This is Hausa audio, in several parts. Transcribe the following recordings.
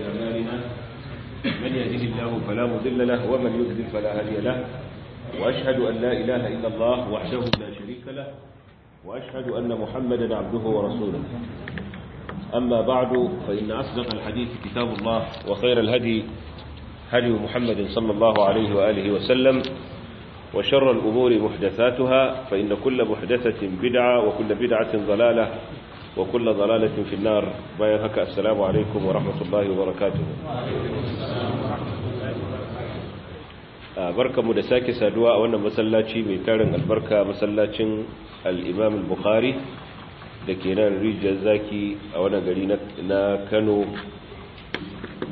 اعمالنا من يهده الله فلا مضل له ومن يضلل فلا هادي له واشهد ان لا اله الا الله وحده لا شريك له واشهد ان محمدا عبده ورسوله اما بعد فان اصدق الحديث كتاب الله وخير الهدي هدي محمد صلى الله عليه واله وسلم وشر الأمور محدثاتها فإن كل محدثة بدعة وكل بدعة ضلالة wa kulla dalalatin finnar bayan haka assalamu alaikum wa rahmatullahi wa barakatuh ah, barkamu da sake saduwa a wannan masallaci mai tarin albarka masallacin al-Imam al da ke nan rijiyar zaki a wannan gari na Kano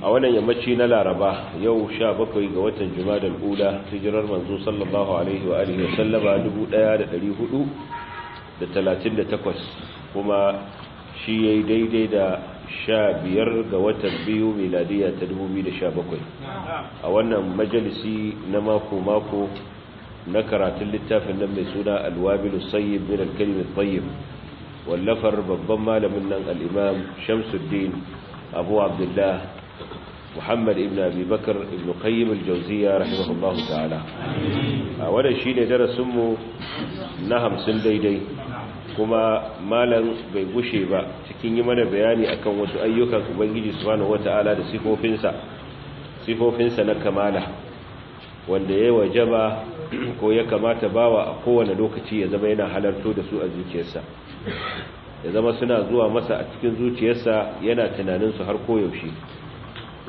a wannan yammaci na Laraba yau sha bakwai ga watan Juma'a al-Ula hijirar manzo sallallahu alaihi wa da talatin da 1438 kuma shi ya yi daidai da sha biyar ga watan biyu miladiya ta 2017 a wannan majalisi na mako-mako na karatun littafin nan mai suna alwabilu sayyid Bin alkalimin tsayyib wallafar babban malamin nan al'imam shamsuddin abu abdullah muhammad ibn abubakar ibn qayyim aljauziya rahimahullahu ta'ala a wadda shi ne darasinmu na hamsin daidai kuma malam bai gushe ba cikin yi mana bayani akan wasu ayyukan ubangiji subhanahu wata'ala da sifofinsa na kamala wanda ya ba ko ya kamata bawa a kowane lokaci ya zama yana halarto da su a zuciyarsa ya zama suna zuwa masa a cikin zuciyarsa yana tunanin su har koyaushe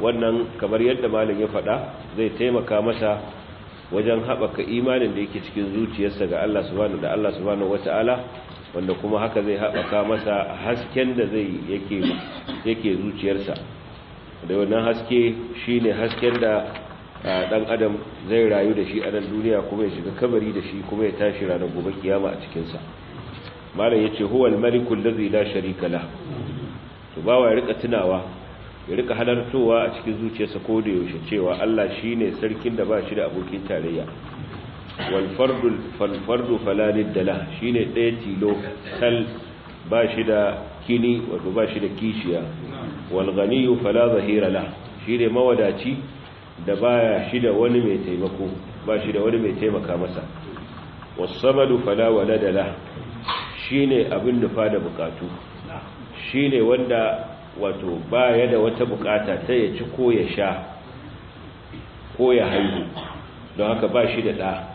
wannan kamar yadda malam ya faɗa zai taimaka masa wajen haɓaka imanin da yake cikin zuciyarsa ga Allah subhanahu da Allah subhanahu wata'ala wanda kuma haka zai haɓaka masa hasken da zai yake zuciyarsa da wannan haske shi ne hasken da ɗan adam zai rayu da shi a nan duniya kuma ya shiga kabari da shi kuma ya tashi ranar gobe kiyama a cikinsa malam ya ce huwal malikul da la sharika la to wa ya rika tunawa ya rika halartowa a cikin zuciyarsa ko da yaushe cewa Allah shi ne sarkin da ba shi da abokin tarayya walfardu da falalid shi ne ɗaya tilo Sal ba shi da kini wato ba shi da kishiya walganiyu fala zahira la ne mawadaci da baya shi da wani mai taimako ba shi da wani mai taimaka masa wasamadu fala walada la ne abin nufa da bukatu ne wanda wato baya da wata bukata ta ya ci ko ya sha ko ya haihu don haka ba shi da ɗa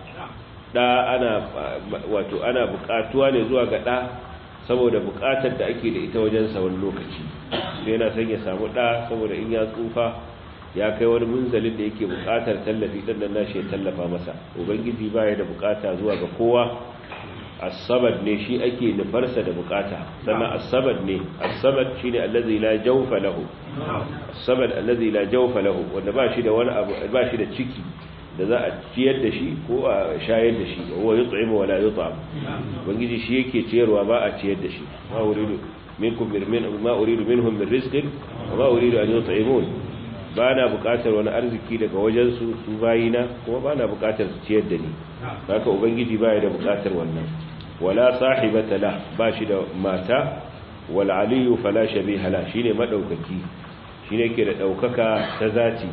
da ana wato ana bukatuwa ne zuwa ga da saboda bukatar da ake da ita wajen wani lokaci sai yana son ya samu da saboda in ya tsufa ya kai wani munzalin da yake bukatar tallafi dan nan shi ya tallafa masa ubangiji baya da bukata zuwa ga kowa asabar ne shi ake nufarsa da bukata sannan asabar ne asabar shine allazi la jawfa lahu as allazi la jawfa lahu wanda ba shi da wani abu ba shi da ciki da za a ciyar da shi ko a shayar da shi wa yut'imu wa la yut'am bangiji shi yake ciyarwa ba a ciyar da shi ma uridu minkum min ma uridu minhum min riskin wa ma da an mun ba na bukatar wani arziki daga wajen su su bayina kuma ba na bukatar su ciyar da ni haka ubangiji ba da bukatar wannan wala sahibata tala ba shi da mata wal aliyu fala shi ne shine madaukaki shine ke da ɗaukaka ta zati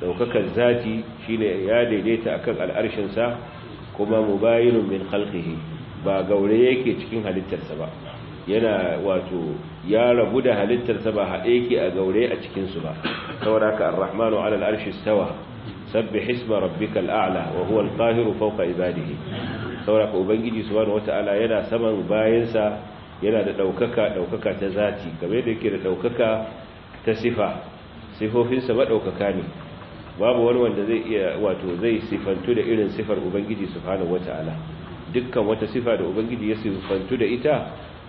daukakar zati shine ya daidaita akan al'arshinsa kuma mubayinun min khalqihi ba gaure yake cikin halittarsa ba yana wato ya rabu da halittarsa ba haɗe yake a gaure a cikin su ba saboda haka ar-rahmanu 'ala al-arshi sabbih isma rabbikal a'la wa huwa al-qahiru fawqa ibadihi saboda haka ubangiji subhanahu wata'ala yana saman bayansa yana da daukaka daukaka ta zati kamar yadda yake da daukaka ta sifa sifofinsa ba ɗaukaka ne babu wani wanda zai iya wato zai sifantu da irin sifar ubangiji subhanahu wata'ala dukkan wata sifa da ubangiji ya sifantu da ita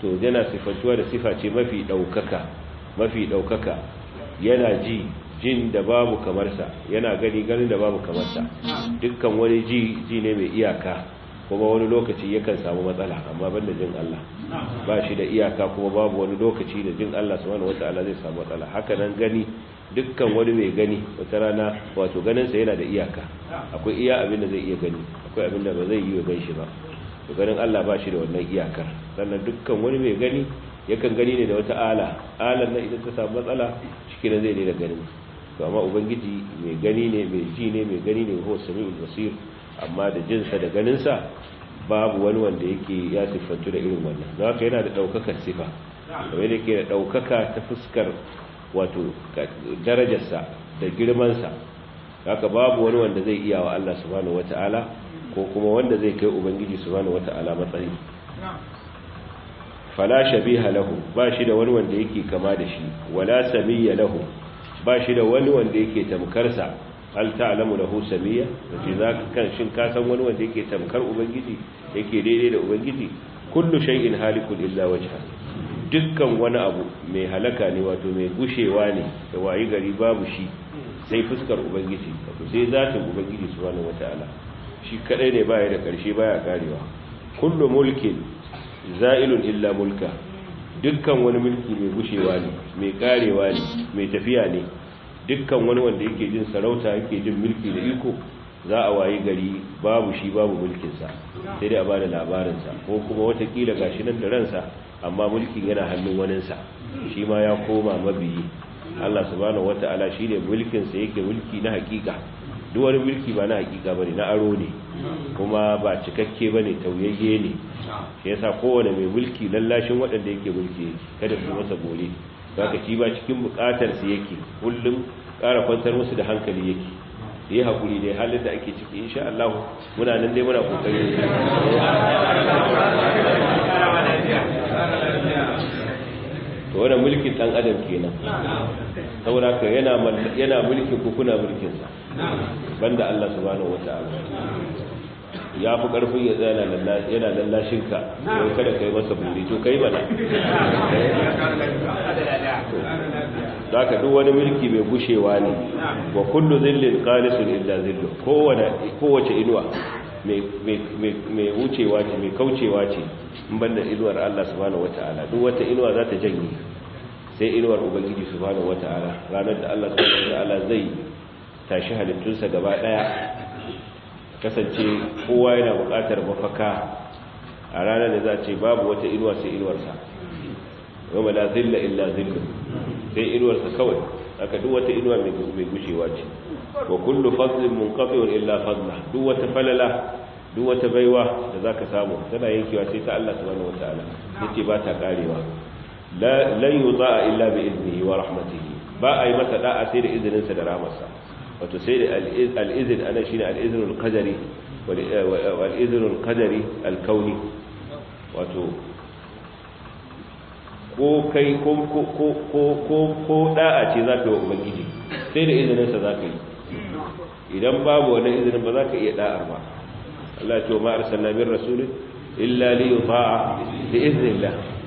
to yana sifantuwa da sifa ce mafi daukaka mafi daukaka yana ji jin da babu kamarsa yana gani ganin da babu kamarsa dukkan wani ji ji ne mai iyaka kuma wani lokaci yakan samu matsala amma banda jin Allah ba shi da iyaka kuma babu wani lokaci da jin Allah subhanahu wata'ala zai samu matsala haka nan gani dukkan wani mai gani wata rana wato ganinsa yana da iyaka akwai iya abin da zai iya gani akwai abin da ba zai yi wa ganshi ba to ganin Allah ba shi da wannan iyakar sannan dukkan wani mai gani yakan gani ne da wata ala alan nan idan ta samu matsala shi ne zai daina ganin to amma ubangiji mai gani ne mai ji ne mai gani ne ko sami'ul basir amma da jinsa da ganinsa babu wani wanda yake ya sifantu da irin wannan don haka yana da ɗaukakar sifa kamar yake da ɗaukaka ta fuskar wato darajarsa da girmansa haka babu wani wanda zai iya wa Allah subhanahu wata'ala ko kuma wanda zai kai ubangiji subhanahu wata'ala matsayi fala shabiha lahu ba shi da wani wanda yake kama da shi wala samiyya lahu ba shi da wani wanda yake tamkarsa al ta'lamu lahu samiyya shi zaka kan shin ka san wani wanda yake tamkar ubangiji yake daidai da ubangiji kullu shay'in halikun illa wajhahu dukkan wani abu mai halaka ne wato mai gushewa ne da wayi gari babu shi sai fuskar ubangiji wato sai zatin ubangiji subhanahu wataala shi kadai ne baya da karshe baya karewa kullu mulkin za'ilun illa mulka dukkan wani mulki mai gushewa ne mai karewa ne mai tafiya ne dukkan wani wanda yake jin sarauta yake jin mulki da iko za a wayi gari babu shi babu mulkinsa sai dai a ba da labarinsa ko kuma watakila gashi nan da ransa amma mulkin yana hannun waninsa shi ma ya koma mabiyi Allah subhanahu wata'ala shine mulkin mulkinsa yake mulki na hakika duk wani mulki ba na hakika ba ne na aro ne kuma ba cikakke ba ne tauyayye ne shi yasa kowane mai mulki lallashin waɗanda yake mulki kada su masa ba ka shi ba cikin bukatar yake kullum ƙara kwantar musu da hankali yake yi hakuri dai halin da ake ciki insha Allah muna nan dai muna kokari to wannan mulkin dan adam kenan saboda yana yana mulkin ku kuna mulkin sa banda Allah subhanahu wataala ya fi ƙarfin ya tsaya yana lallashinka yau kada ka yi masa buri to kai mana za ka duk wani mulki mai gushewa ne wa kullu zillin qalisun illa zillu kowace inuwa mai wucewa ce mai kaucewa ce in banda inuwar Allah subhanahu wataala duk wata inuwa za ta janye sai inuwar ubangiji subhanahu wataala ranar da Allah subhanahu wataala zai tashi halittunsa gaba daya kasance kowa yana buƙatar mafaka a ranar da za ce babu wata inuwa sai inuwarsa yau ma la zilla illa zillu sai inuwarsa kawai aka duk wata inuwa mai gushewa ce wa kullu fadlin munqati'un illa fadla duk wata falala duk wata baiwa da zaka samu tana yankewa sai ta Allah subhanahu wataala yace ba ta karewa la lan yuta'a illa bi iznihi wa rahmatihi ba a yi masa da'a sai da izininsa da rahmarsa wato sai da al'izin ana shi ne al'izinul kadari wal'izinul eh, eh, kadari alkauni wato ko kai ko da'a ce za ka yi wa ubangiji sai da izininsa za ka yi idan babu wani izinin ba za ka iya da'ar ba Allah ce wa ma'ar sallamin rasulun illa liyu ba'a da izinillah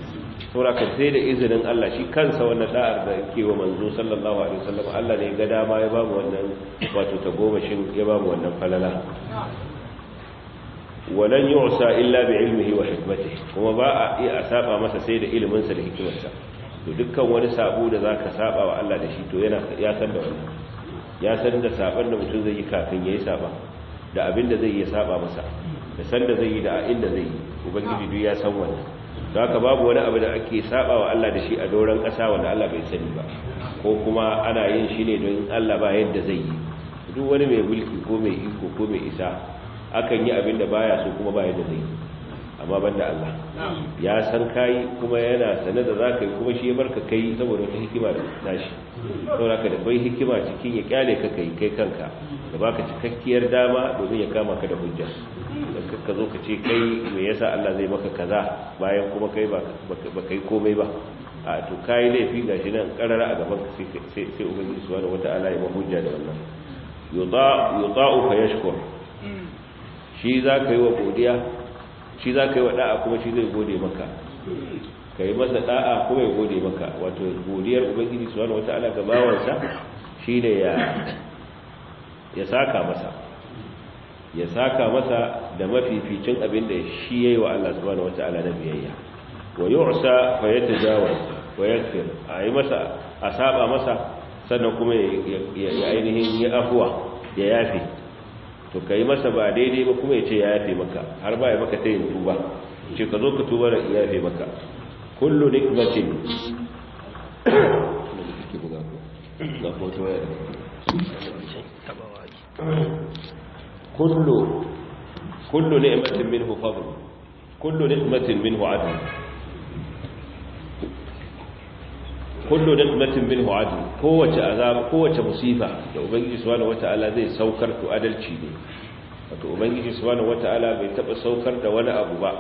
ka sai da izinin Allah shi kansa wannan da'ar da yake wa manzo sallallahu alaihi wasallam Allah ne ga dama ya bamu wannan wato shin ya bamu wannan falala walan yu'sa illa bi ilmihi wa hikmatihi kuma ba a iya saba masa sai da ilimin sa da hikimarsa to dukkan wani sabo da zaka saba wa Allah da shi to yana ya san da wannan ya san da saban da mutum zai yi kafin yayi saba da abin da zai yi saba masa da san da zai yi da inda zai yi ubangiji duk ya san wannan don haka babu wani abu da ake saba wa Allah da shi a doron ƙasa wanda Allah bai sani ba ko kuma ana yin shi ne don Allah ba yadda zai yi duk wani mai mulki ko mai iko ko mai isa akan yi abin da baya so kuma ba yadda zai yi amma banda Allah ya san kai kuma yana sane da za yi kuma shi ya barka kai saboda wata hikima da tashi saboda ka da bai hikima cikin ya kyale ka kai kai kanka da baka cikakkiyar dama domin ya kama ka da hujja ka zo ka ce kai me yasa Allah zai maka kaza bayan kuma kai ba kai komai ba a to kai laifi gashi nan karara a gaban sai sai sai ubangiji subhanahu wataala ya mahujja da wannan yuda yuda'u fa yashkur hmm. shi za ka yi wa godiya shi za ka yi wa da'a kuma shi zai gode maka kai masa da'a kuma ya gode maka wato godiyar ubangiji subhanahu wataala ga bawansa shine ya ya saka masa ya saka masa da mafificin abin da shi yayi wa Allah subhanahu wataala na biyayya wa yu'sa fa yatajawaz wa yakfir ayi masa a saba masa sannan kuma ya ainihin ya afuwa ya yafi to kai masa ba daidai ba kuma ya ce ya yafe maka har ba ya maka ta yin tuba ce ka zo ka tuba da yafe maka kullu nikmatin da kullu kullu ni'matin minhu fadl kullu ni'matin minhu adl kullu ni'matin minhu adl kowace azaba kowace musifa da ubangiji subhanahu wata'ala zai saukar ku adalci ne wato ubangiji subhanahu wata'ala bai taba saukar da wani abu ba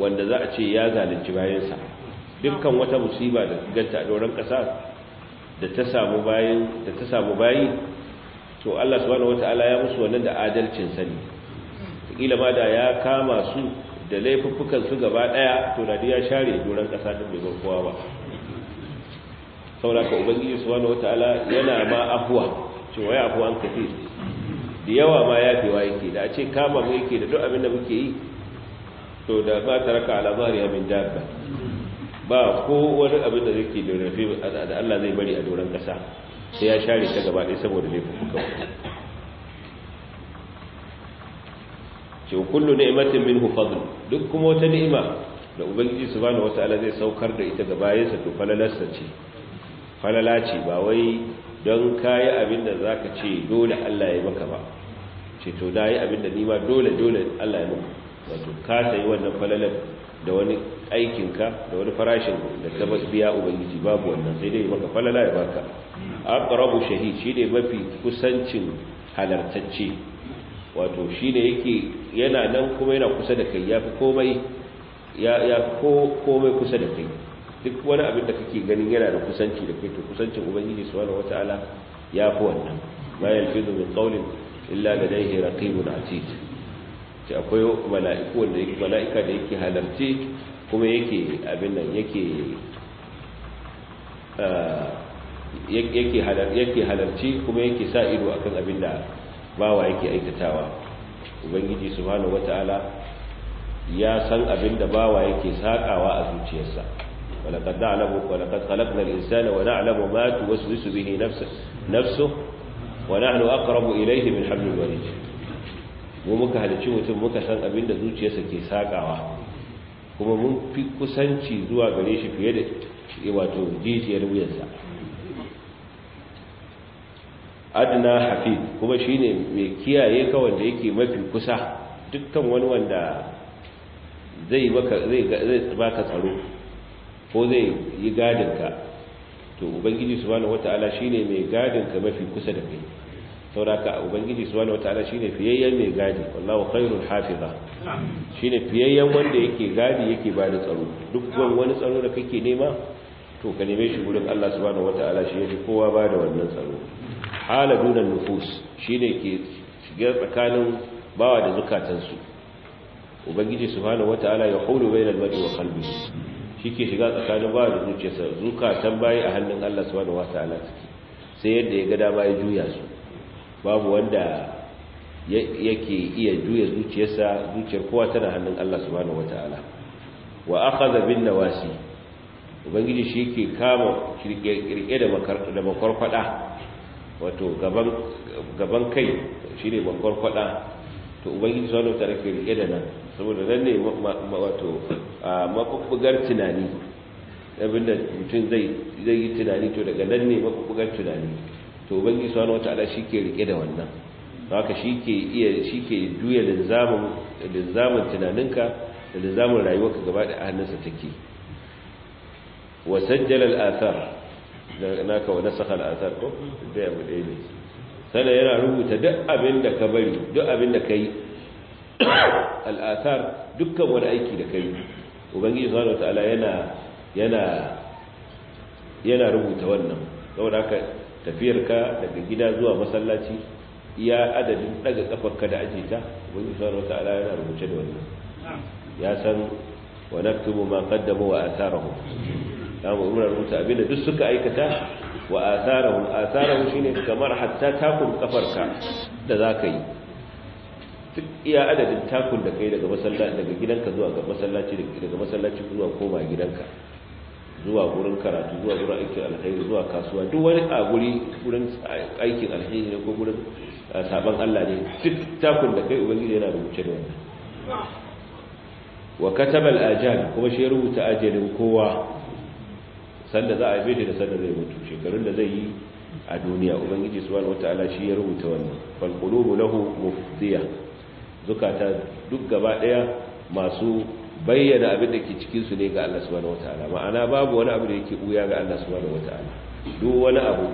wanda za a ce ya zalunci bayansa dukkan wata musiba da ganta a doron kasa da ta samu bayin. da ta samu bayin to Allah subhanahu wataala ya musu wannan da adalcin sani kila ma da ya kama su da laifuffukan su gaba daya to da ya share doran kasa din bai kowa ba saboda ka ubangiji subhanahu wataala yana ma afwa to wai afwan kafi da yawa ma yafewa ke da a ce kama mu yake da duk abin da muke yi to da ba taraka ala bariya min dabba ba ko wani abin da zai ke da rafi da Allah zai bari a doran kasa sai ya share ta gaba ɗaya saboda kuka ce kullu ni'matin minhu fadl duk kuma wata ni'ima da ubangiji subhanahu wataala zai saukar da ita ga sa to falalarsa ce falala ce ba wai don kayi abin da zaka ce dole Allah ya maka ba ce to dai abin da nima dole dole Allah ya maka wato ka sayi wannan falalar da wani aikinka da wani farashin da ka biya ubangiji babu wannan sai dai maka falala ya baka aqrabu shahid shine mafi kusancin halartacce wato shine yake yana nan kuma yana kusa da kai yafi komai ya ya ko komai kusa da kai duk wani abin da kake ganin yana da kusanci da kai to kusancin ubangiji subhanahu wataala yafi wannan ma yalfidu min qawlin illa ladayhi raqibun atid ce akwai mala'iku wanda yake mala'ika da yake halarci kuma yake abin nan yake ah, yake halarci kuma yake sa ido akan abin da bawa yake aikatawa ubangiji subhanahu wataala ya san abin da bawa yake sakawa a zuciyarsa walaqad na'lamu walaqad khalaqna al-insana wa na'lamu ma tuwaswisu bihi nafsuhu nafsuhu wa nahnu aqrabu ilayhi min hablil warid mu muka halarci mutum muka san abin da zuciyarsa ke sakawa kuma mun fi kusanci zuwa gare shi fiye da wato jijiyar wuyansa adna hafid kuma shine mai kiyaye ka wanda yake mafi kusa dukkan wani wanda zai baka zai zai baka tsaro ko zai yi gadin ka to ubangiji subhanahu wataala shine mai gadin ka mafi kusa da kai sauraka ubangiji subhanahu wataala shine fiyayyen mai gadi wallahu khairul hafiza shine fiyayyen wanda yake gadi yake ba da tsaro dukkan wani tsaro da kake nema to ka neme shi gurin Allah subhanahu wataala shi yake kowa ba da wannan tsaro hala dunan nufus shi ne ke shiga tsakanin bawa da zukatansu ubangiji su wata ala ya hulu bainal mar'i wa shi shike shiga tsakanin bawa da zuciyarsa zukatan bayi a hannun Allah su ala wataala sai yadda ya ga dama ya juya su babu wanda yake iya juya zuciyarsa zuciyar kowa tana hannun Allah su wata ala wa aka zabin na wasi, ubangiji shi ke kama kirkire da makarfada wato gaban kai shi ne bangon kwada to ubangiji zuwa ta rake rike da nan saboda nan ne wato mafuffugar tunani abinda mutum zai yi tunani to daga nan ne mafuffugar tunani to ubangiji zuwa wata ala shi ke rike da wannan haka shi ke iya shi ke juya linzamin tunaninka da linzamin rayuwarka gaba da hannunsa take wasajjalar athar da naka wa nasakha al'athar ko da ya bude ne sannan yana rubuta duk abin da ka bari duk abin da kai al'athar dukkan wani aiki da kai ubangiji subhanahu ta'ala yana yana yana rubuta wannan saboda haka tafiyarka daga gida zuwa masallaci iya adadin daga kafarka da aje ta ubangiji subhanahu ta'ala yana rubuce da wannan ya san wa naktubu ma qaddamu wa atharahum za mu muna rubuta abinda duk suka aikata wa atharahum atharahum shine kamar hatta takun kafarka da zaka yi duk iya adadin takun da kai daga masallaci daga gidanka zuwa ga masallaci daga masallaci zuwa koma gidanka zuwa gurin karatu zuwa gurin aikin alkhairi zuwa kasuwa duk wani a guri gurin aikin alkhairi ne ko gurin eh, sabon Allah ne duk takun da kai ubangiji yana rubuce da wannan wa katabal ajal kuma shi rubuta ajalin kowa sanda za a yi shi da sanda zai mutu shekarun da zai yi a duniya ubangiji subhanahu wataala shi ya rubuta wannan fal qulubu lahu mufdiya zukata duk gaba daya masu bayyana abin da ke cikin su ne ga Allah subhanahu wataala ma'ana babu wani abu da yake buya ga Allah subhanahu wataala duk wani abu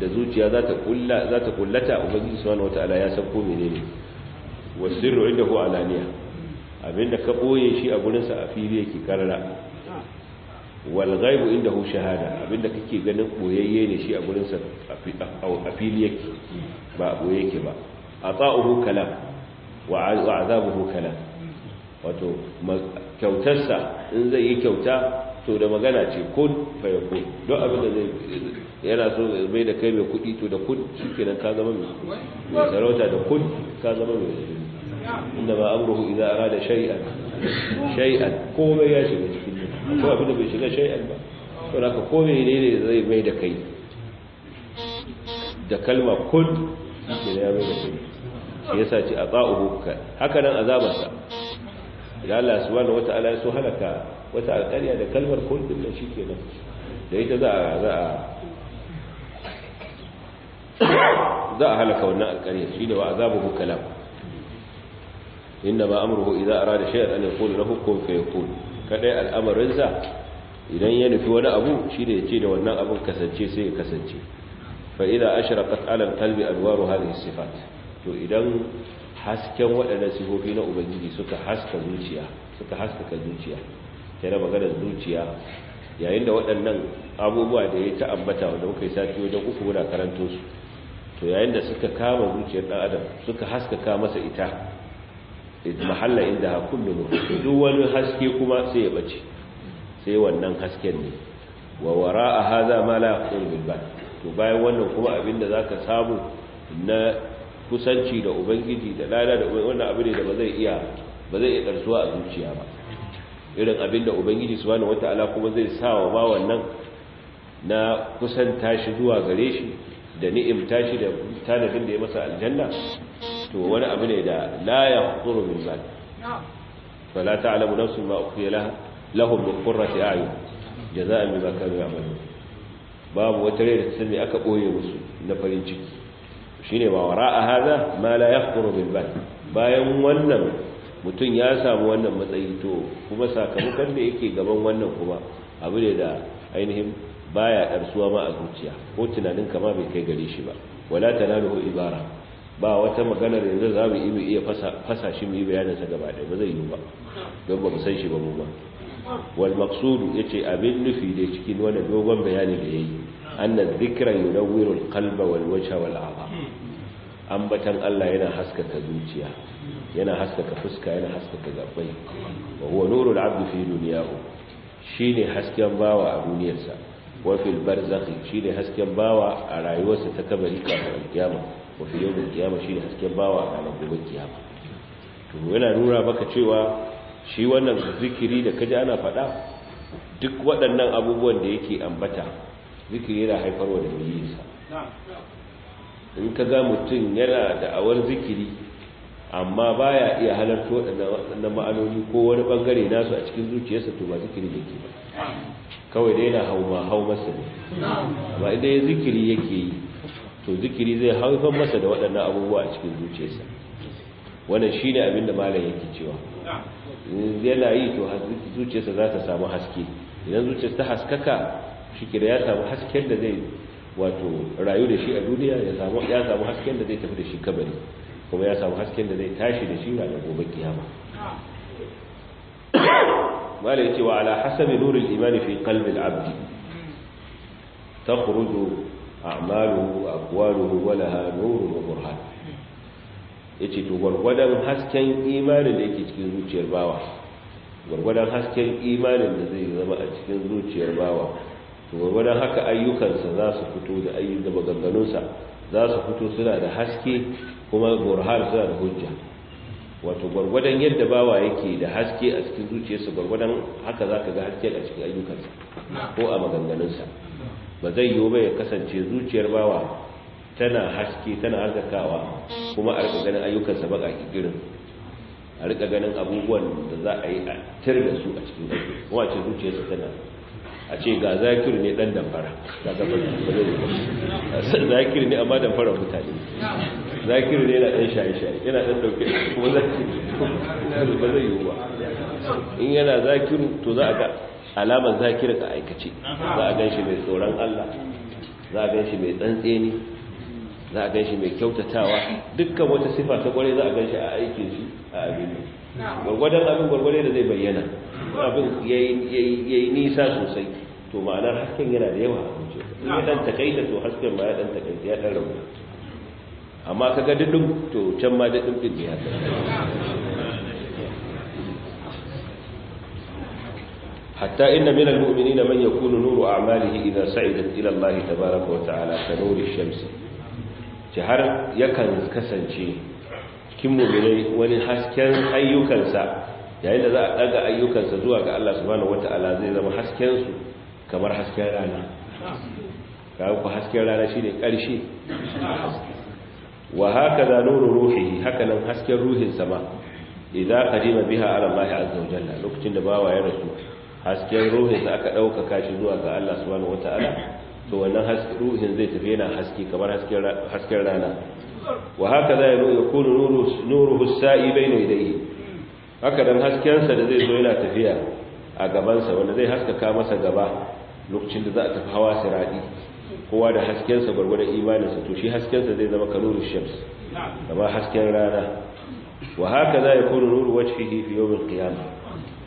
da zuciya za ta kulla za ta kullata ubangiji subhanahu wataala ya san ko menene wasirru indahu alaniya abinda ka boye shi a gurin sa a fili yake karara wal ghaibu indahu shahada abinda kake ganin boyayye ne shi a gurin sa a fili yake ba boye yake ba ata'uhu kalam wa azabuhu kalam wato kyautarsa in zai yi kyauta to da magana ce kun fayakun don abinda zai yana so mai da kai mai kudi to da kun shi kenan ka zama mai sarauta da kun ka zama mai inda ba amruhu idan arada shay'an shay'an komai ya shiga ciki ko abin da bai shiga shay'an ba to naka ko kome ne ne zai mai da kai da kalma kun da ya mai da kai shi yasa ce a tsa'uhu haka nan azabarsa idan Allah subhanahu wata'ala ya so halaka wata alƙarya da kalmar kun din nan nan. da ita za a za a za a halaka wannan alƙarya shi ne wa azabuhu kalam inna ma amruhu idza arada shay'an an yaqulu lahu kun fayakun kadai al'amarinsa idan ya nufi wani abu shi ne ya ce da wannan abin kasance sai ya kasance fa'ida ashraqat ala kalbi anwaru hadhihi sifat to idan hasken waɗannan sifofi na ubangiji suka haska zuciya suka haskaka zuciya yana magana zuciya yayin da waɗannan abubuwa da ya ta ambata wanda muka yi sati wajen uku muna karanto su to yayin da suka kama zuciyar ɗan adam suka haskaka masa ita mahalla inda ha kullu duk wani haske kuma sai ya bace sai wannan hasken ne wa a haza ma la yaqul bil to bayan wannan kuma abinda zaka samu na kusanci da ubangiji da lada da wannan abin da ba zai iya ba zai iya karsuwa a zuciya ba irin abin da ubangiji wata ala kuma zai sa wa ba wannan na kusanta shi zuwa gare shi da ni'imta shi da tanadin da ya masa aljanna to wani abu ne da la yahduru min zal fala ta'lamu nafsun ma ukhfiya laha lahum min qurrati a'yun jazaa'an bima kanu ya'malun babu wata rai da ta sami aka ɓoye musu na farin ciki shine wa a haza? ma la yahduru bil bal bayan wannan mutum ya samu wannan matsayi to kuma sakamakon da yake gaban wannan kuma abu ne da ainihin baya ɗarsuwa ma a zuciya ko tunanin kama bai kai gare shi ba wala tanaluhu ibara ba wata maganar yanzu za mu iya fasa shi mu yi bayaninsa gaba ɗaya ba zai yi ba don ba mu san shi ba mu ba wal maqsudu yace abin nufi da cikin wannan dogon bayani da yayi anna dhikra yunawwiru al wal wajha wal a'dha ambatan Allah yana haskaka zuciya yana haskaka fuska yana haskaka gabbai wa huwa nurul abd fi dunyahu shine hasken bawa a duniyarsa wa fil barzakh shine hasken bawa a rayuwarsa ta kabari kafin kiyama yau da kiyama shi shine hasken bawa a ranar gobe kiyama to yana nuna maka cewa shi wannan zikiri da kaji ana faɗa duk waɗannan abubuwan da yake ambata zikiri yana haifarwa da miyisa in ka ga mutum yana da awar zikiri amma baya iya halarta waɗannan ma'anoni ko wani ɓangare nasu a cikin zuciyarsa to ba zikiri ke ba kawai dai yana ma hau masa ne ba idan zikiri yake yi to zikiri zai haifar masa da waɗannan abubuwa a cikin zuciyarsa wannan shine abin da malam yake cewa yana yi to zuciyarsa za ta samu haske idan zuciyarsa ta haskaka shikira ya samu hasken da zai wato rayu da shi a duniya ya samu hasken da zai tafi da shi kabari kuma ya samu hasken da zai tashi da shi ranar gobe kiyama malam yace wa ala hasabi nuril imani fi qalbi al-abd takhruju a'maluhu aqwaluhu wa laha nuru wa burhan yace to gwargwadon hasken imanin da yake cikin zuciyar bawa gwargwadon hasken imanin da zai zama a cikin zuciyar bawa to gwargwadon haka ayyukansa za su fito da ayyuka maganganunsa za su fito suna da haske kuma burhan suna da hujja wato gwargwadon yadda bawa yake da haske a cikin zuciyarsa gwargwadon haka za ka ga haske a cikin ayyukansa ko a maganganunsa ba zai yiwu ba ya kasance zuciyar bawa tana haske tana arzakawa kuma a rika ganin ayyukansa baka kikirin a rika ganin abubuwan da za a yi a tir da su a cikin aiki kuma a ce zuciyarsa tana a ce ga zakir ne dan damfara zakir ne amma damfara mutane zakir ne yana dan shaye-shaye yana dan dauke kuma zakir ba zai yiwu ba in yana zakiru to za a ga alamar zakir a aikace za a ganshi mai tsoron Allah za a ganshi mai tsantseni za a ganshi mai kyautatawa dukkan wata sifa ta kware za a ganshi a aikin shi a abin gwargwadon abin gwargwade da zai bayyana abin yayi nisa sosai to ma'anar hasken yana da yawa a kunce in ya dan takaita to hasken ba ya dan takaita ya dan rabu amma kaga dudum to can ma dudum din ne haka hatta inna minal mu'minina man yakunu nuru a'malihi idza sa'idat ila Allah tabaaraka wa ta'ala ka nuri shamsi jahar yakan kasance kin mu'minai wani hasken ayyukansa yayin da za a daga ayyukansa zuwa ga Allah subhanahu wa ta'ala zai zama hasken su kamar hasken rana kawo ku hasken rana shine ƙarshe wa haka da nuru ruhi hakanan hasken ruhin sama idan qadima biha Allah lokacin da bawa ya rasu hasken ruhin sa aka ɗaukaka shi zuwa ga Allah subhanahu wata'ala to wannan ruhin zai tafi yana haske kamar hasken rana wa haka za ya kunu nuru hussa'i bai ne da haka don haskensa da zai zo yana tafiya a gabansa wanda zai haskaka masa gaba lokacin da za a tafi hawa siradi kowa da haskensa gwargwadon imaninsa to shi haskensa zai zama kanuru shams kamar hasken rana wa haka za ya kunu nuru wajhihi fi yawmin qiyamah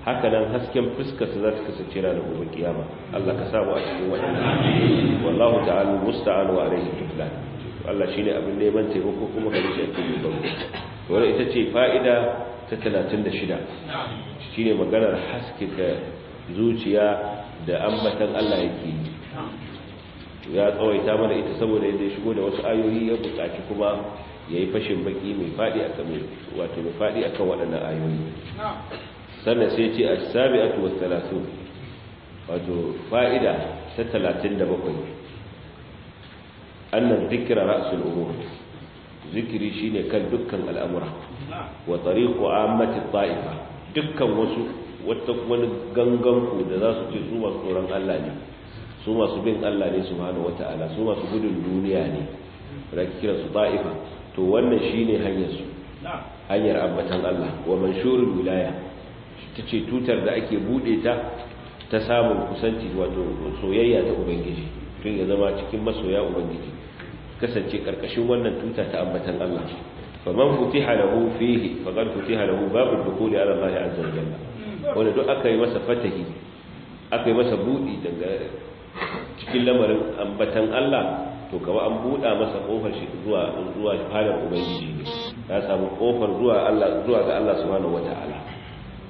haka nan hasken fuskarsa za ta kasance ranar gobe kiyama Allah ka samu a cikin waɗannan wallahu ta'ala musta'an wa alaihi tuflan Allah shine abin neman taimako kuma ka rishi ake yi babu wannan ita ce fa'ida ta da 36 shine maganar haske ka zuciya da ambatan Allah yake ke ya tsawaita mana ita saboda yadda ya shigo da wasu ayoyi ya buƙaci kuma ya yi fashin baki mai faɗi a kan waɗannan ayoyi sannan sai ce a sabi'atu wa talatu wato fa'ida ta talatin da bakwai annan zikira ra'asul umur zikiri shi ne kan dukkan al'amura wa tariqu ammati ta'ifa dukkan wasu wata wani ganganku da za su ce su masu tsoron Allah ne su masu bin Allah ne wata ala? su masu gudun duniya ne da kira su ta'ifa to wannan shi ne su hanyar ambatan Allah wa manshurul wilaya ta ce tutar da ake buɗe ta ta samun kusanci wato soyayya ta ubangiji tun ya zama cikin masoya ubangiji kasance karkashin wannan tuta ta ambatan Allah faman futiha lahu fihi faqad futiha lahu babu dukhuli ala Allah azza wa jalla wanda duk aka yi masa fatahi aka yi masa budi daga cikin lamarin ambatan Allah to kawai an buɗa masa kofar shi zuwa zuwa fadar ubangiji ya samu kofar zuwa Allah zuwa ga Allah subhanahu wataala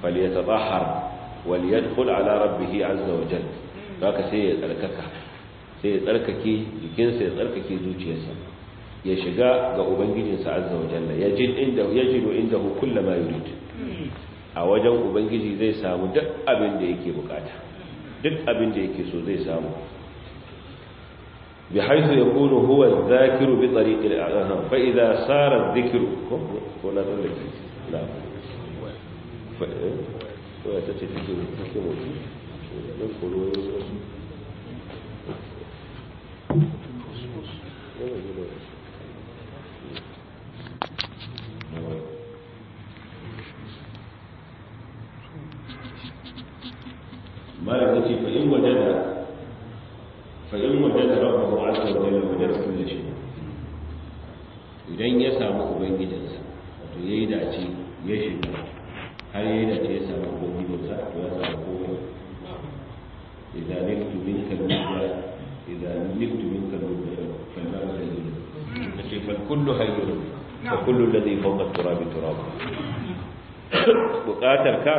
falyatazahhar waliyadkhul ala rabbih azza wa jalla zaka sai ya tsarkaka sai tsarkake jikinsa ya tsarkake zuciyarsa ya shiga ga ubangijinsa azza wa jalla yajid inda a wajen ubangiji zai samu duk abin da yake bukata duk abin da yake so zai samu بحيث يكون هو الذاكر بطريق الأعلام فإذا صار الذكر كنا نقول لا waya ta ce take take motsi don koro wani wasu malam ya ce fa wajada fa wajada idan ya samu ubangijin bukatar ka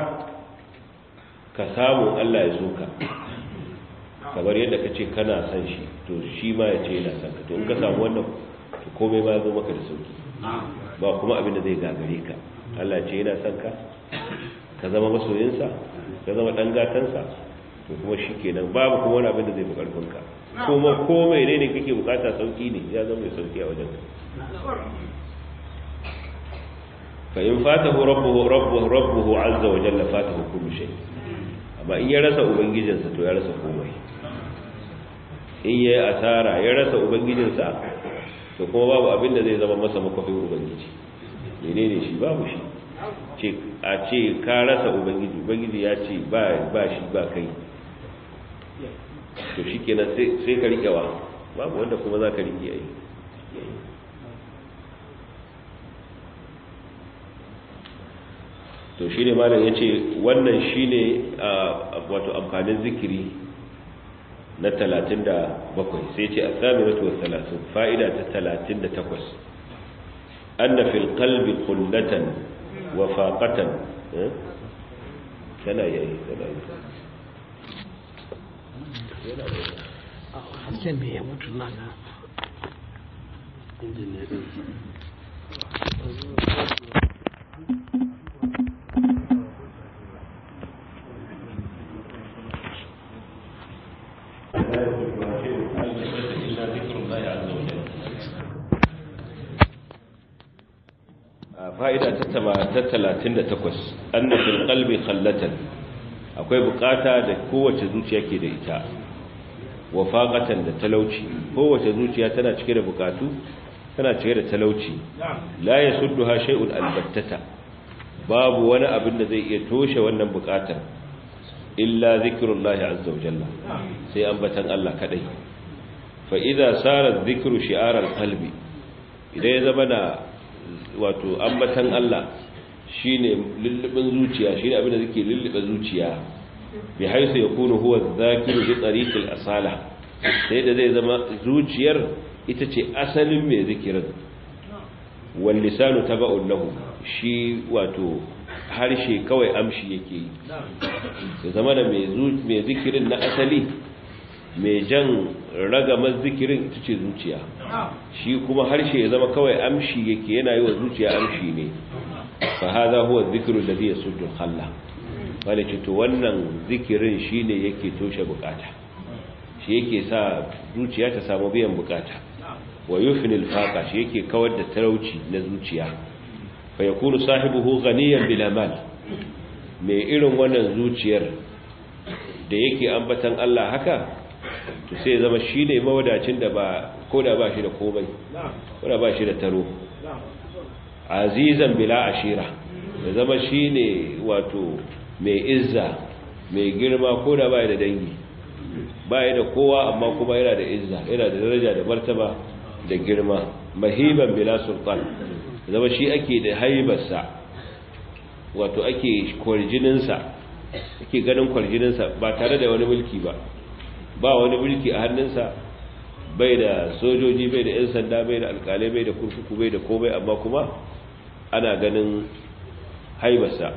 ka samu Allah ya zo ka kamar yadda ka ce kana san shi to shi ma ya ce yana san ka to in ka samu wannan to komai ma ya zo maka da sauki ba kuma abin da zai gagare ka Allah ce yana san ka ka zama masoyinsa ka zama dan gatansa to kuma shi kenan babu kuma wani abin da zai fi karfin ka kuma komai ne ne kake bukata sauki ne ya zama mai sauki a wajen ka fa in fatahu rabbuhu rabbuhu rabbuhu azza wa jalla fatahu kullu shay amma in ya rasa ubangijinsa to ya rasa komai in yayi asara ya rasa ubangijinsa to kuma babu abin da zai zama masa makwafin ubangiji menene shi babu shi ce a ce ka rasa ubangiji ubangiji ya ce ba ba shi ba kai to shikenan sai sai ka wa? babu wanda kuma za ka rike yayi to shi ne malam ya ce wannan shi ne wato amfanin zikiri na 37 sai ce a samiratu was talatin fa'ida ta 38 anna fil qalbi qullatan wa faqatan wa eh? yayi yana yayi Hassan bai fa'ida ta da takwas, fil qalbi khallatan akwai bukata da kowace zuciya ke da ita wafaqatan da talauci kowace zuciya tana cike da bukatu tana cike da talauci la yasudduha shay'un albattata babu wani abin da zai iya toshe wannan bukatar illa zikrullahi azza wa jalla sai ambatan Allah kaɗai. Fa'ida sarar zikiru shi'arar shi'ar idan ya zama na. wato ambatan Allah ne lullubin zuciya shine abin da zake lullube zuciya bi haisu yakunu huwa adh-dhakiru bi asala sai da zai zama zuciyar ita ce asalin mai zikirin wal ta taba'un lahu shi wato harshe kawai amshi yake yi da zama da mai zikirin na asali mai jan ragamar zikirin ita ce zuciya shi kuma harshe ya zama kawai amshi yake yana yi wa zuciya amshi ne fa hadha huwa zai su yasuddu khalla wala ce to wannan zikirin shi ne yake toshe bukata shi yake sa zuciya ta samu biyan bukata wa yufnil faqa shi yake kawar da talauci na zuciya fa yakunu sahibuhu ghaniyan bila mal mai irin wannan zuciyar da yake ambatan Allah haka to sai zama shi ne mawadacin da ba ko da ba shi da komai ko da ba shi da taro azizan bila ashira da zama shi ne wato mai izza mai girma ko da ba da dangi ba da kowa amma kuma yana da izza yana da daraja da martaba da girma mahiban bila sultan zama shi ake da haibarsa wato ake kwarjininsa ake ganin kwarjininsa ba tare da wani mulki ba ba wani mulki a hannunsa bai da sojoji bai da 'yan sanda bai da alkalai bai da kurkuku bai da komai amma kuma ana ganin haibarsa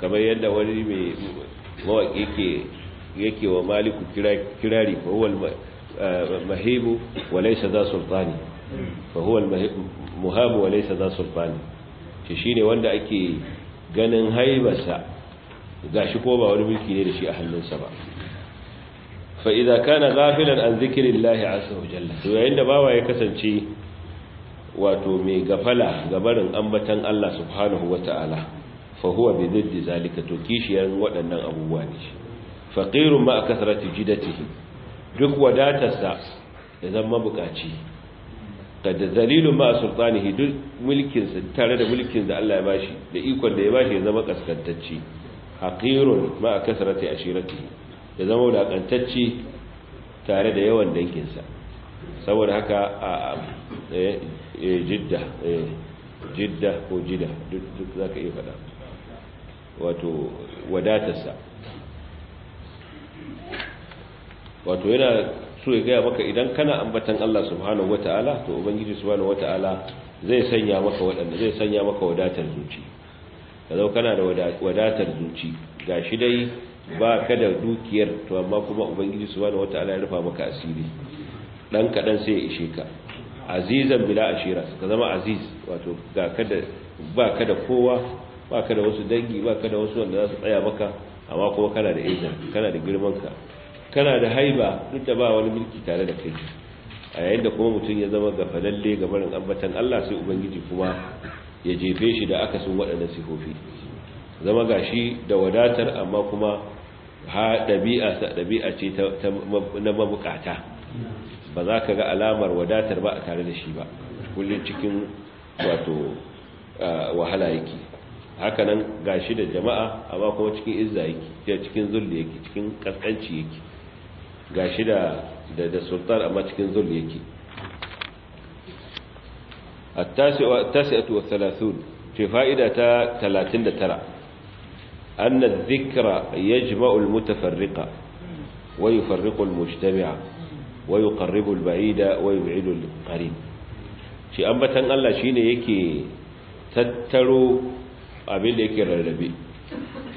kamar yadda wani mai mawaƙi yake wa maliku kirari fahuwal eh, mahibu wa laisa za sultani fahuwal muhammu wa laisa za sultani shi shi ne wanda ake ganin haibarsa ga shi ko ba wani mulki ne da shi a hannunsa ba fa idza kana ghafilan an zikrillahi azza wa jalla to yayin da bawa ya kasance wato mai gafala ga barin ambatan Allah subhanahu wataala fa huwa bi diddi zalika to kishiyar waɗannan abubuwa ne faqirun ma kasrati jidatihi duk wadatarsa ya zama bukaci kad zalilun ma sultanihi duk mulkin sa tare da mulkin da Allah ya bashi da ikon da ya bashi ya zama kaskantacci haqirun ma kasrati ashiratihi ya zama wulaƙantacce tare da yawan dankinsa saboda haka a jidda jidda ko jida duk za ka iya faɗa wato wadatarsa wato yana so ya gaya maka idan kana ambatan Allah subhanahu wa ta'ala to ubangiji subhanahu ta'ala zai sanya maka waɗanda zai sanya maka wadatar zuci ka zau kana da wadatar zuci gashi dai ba ka da dukiyar to amma kuma ubangiji subhanahu wataala ya rufa maka asiri dan kadan sai ya ishe ka azizan bila ashira ka zama aziz wato ga ka da ba ka da kowa ba ka da wasu dangi ba ka da wasu wanda za su tsaya maka amma kuma kana da izza kana da girman ka kana da haiba duk da ba wani mulki tare da kai a yayin da kuma mutum ya zama gafalalle ga barin ambatan Allah sai ubangiji kuma ya jefe shi da akasin waɗannan sifofi zama gashi da wadatar amma kuma ha ɗabi'a ɗabi'a ce na mabukata ba za ka ga alamar wadatar ba a tare da shi ba kullum cikin wato wahala yake hakanan gashi da jama'a amma kuma cikin izza yake cikin zulli yake cikin kaskanci yake gashi da da sultan amma cikin zulli yake التاسعة والثلاثون في فائدة تلاتين ترى أن الذكر يجمع المتفرقة ويفرق المجتمع ويقرب البعيد ويبعد القريب شيء ambatan Allah shine yake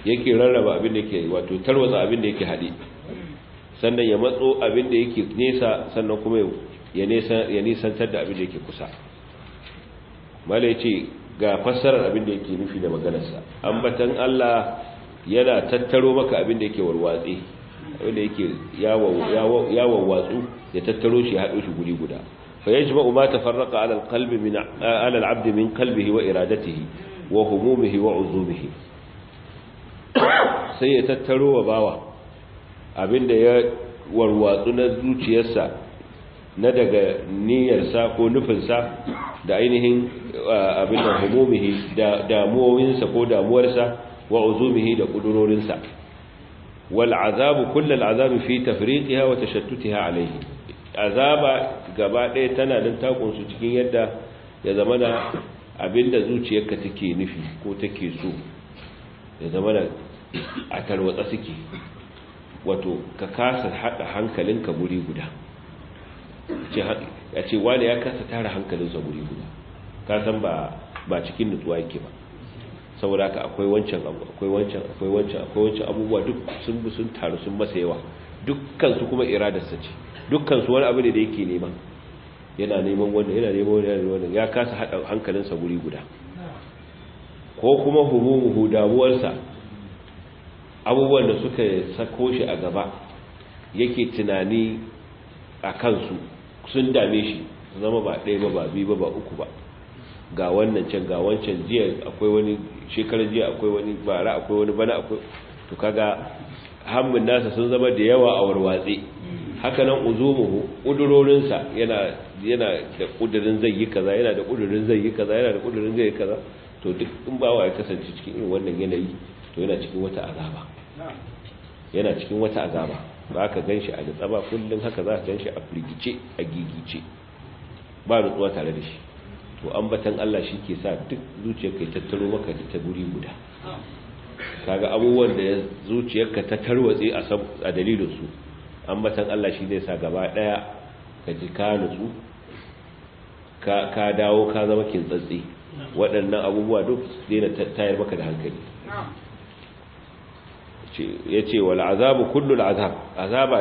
yake rarraba abin da yake wato tarwatsa abin da yake hade sannan ya matso abin da yake nesa sannan kuma ya nisantar da abin da yake kusa mala yace ga fassarar abin da yake nufi da maganarsa ambatan Allah yana tattaro maka abin da yake warwatse abin da yake yawon watsu ya tattaro shi haɗo shi guri guda fa yajma ma tafarraqa ala alqalbi min ala alabd min qalbihi wa iradatihi wa humumihi wa uzumihi sai ya tattaro wa bawa abin da ya warwatsu na zuciyarsa na daga niyyarsa ko nufinsa da ainihin abin da humumihi da damuwinsa ko damuwarsa wa uzumihi da kudurorinsa wal azabu kullal azabi fi tafriqiha wa tashattutiha alayhi azaba gaba ɗaya tana nan takun su cikin yadda ya zama na abinda zuciyarka take nufi ko take so ya zama na a tarwatsa suke wato ka kasa hada hankalinka guri guda a ce wani ya kasa tara sa guri guda ka san ba cikin nutsuwa yake ba saboda ka akwai wancan abu akwai wancan akwai wancan akwai wancan abubuwa duk sun bi sun taru sun masa yawa dukkan su kuma iradarsa ce dukkan su wani abu ne da yake nema yana neman wannan yana neman wannan yana neman wannan ya kasa hada sa guri guda ko kuma humumuhu damuwarsa abubuwan da suka sako shi a gaba yake tunani a kansu sun dame shi zama ba ɗaya ba ba biyu ba ba uku ba ga wannan can ga wancan jiya akwai wani shekarar jiya akwai wani bara akwai wani bana akwai to kaga hammin nasa sun zama da yawa a warwatse haka nan uzumuhu kudurorinsa yana yana da kudurin zai yi kaza yana da kudurin zai yi kaza yana da kudurin zai yi kaza to duk in wa ya kasance cikin irin wannan yanayi to yana cikin wata azaba yana cikin wata azaba ba ka gan shi a da tsaba kullum haka za ka gan shi a firgice a gigice ba nutsuwa tare da shi to ambatan Allah shi ke sa duk zuciyarka ya tattaro maka da ta guri guda kaga abubuwan da zuciyarka ta tarwatse a dalilin su ambatan Allah shi zai sa gaba daya ka ji ka nutsu ka dawo ka zama kintsatsi waɗannan abubuwa duk daina tayar maka da hankali ya ce wal azabu kullul azab azaba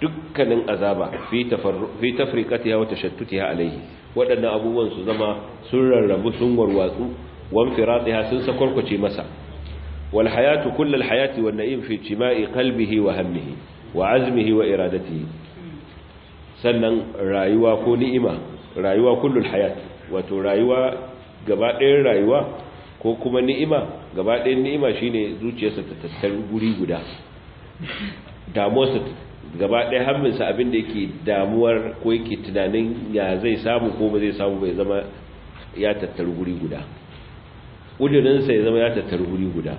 dukkanin azaba fi wata wa tashattutiha alaihi waɗannan abubuwan su zama sun rarrabu sun warwatsu wan firatiha sun sakorkwace masa wal hayatu kullul hayati wan na'im fi cimai qalbihi wa hammihi wa azmihi wa iradatihi sannan rayuwa ko ni'ima rayuwa kullul hayat wato rayuwa gaba ɗayan rayuwa ko kuma ni'ima gaba ɗaya ni'ima shi ne zuciyarsa ta tattar guri guda damuwarsa gaba ɗaya hamminsa abin da yake damuwar ko yake tunanin ya zai samu ko ba zai samu bai zama ya tattar guri guda ƙudurinsa ya zama ya tattar guri guda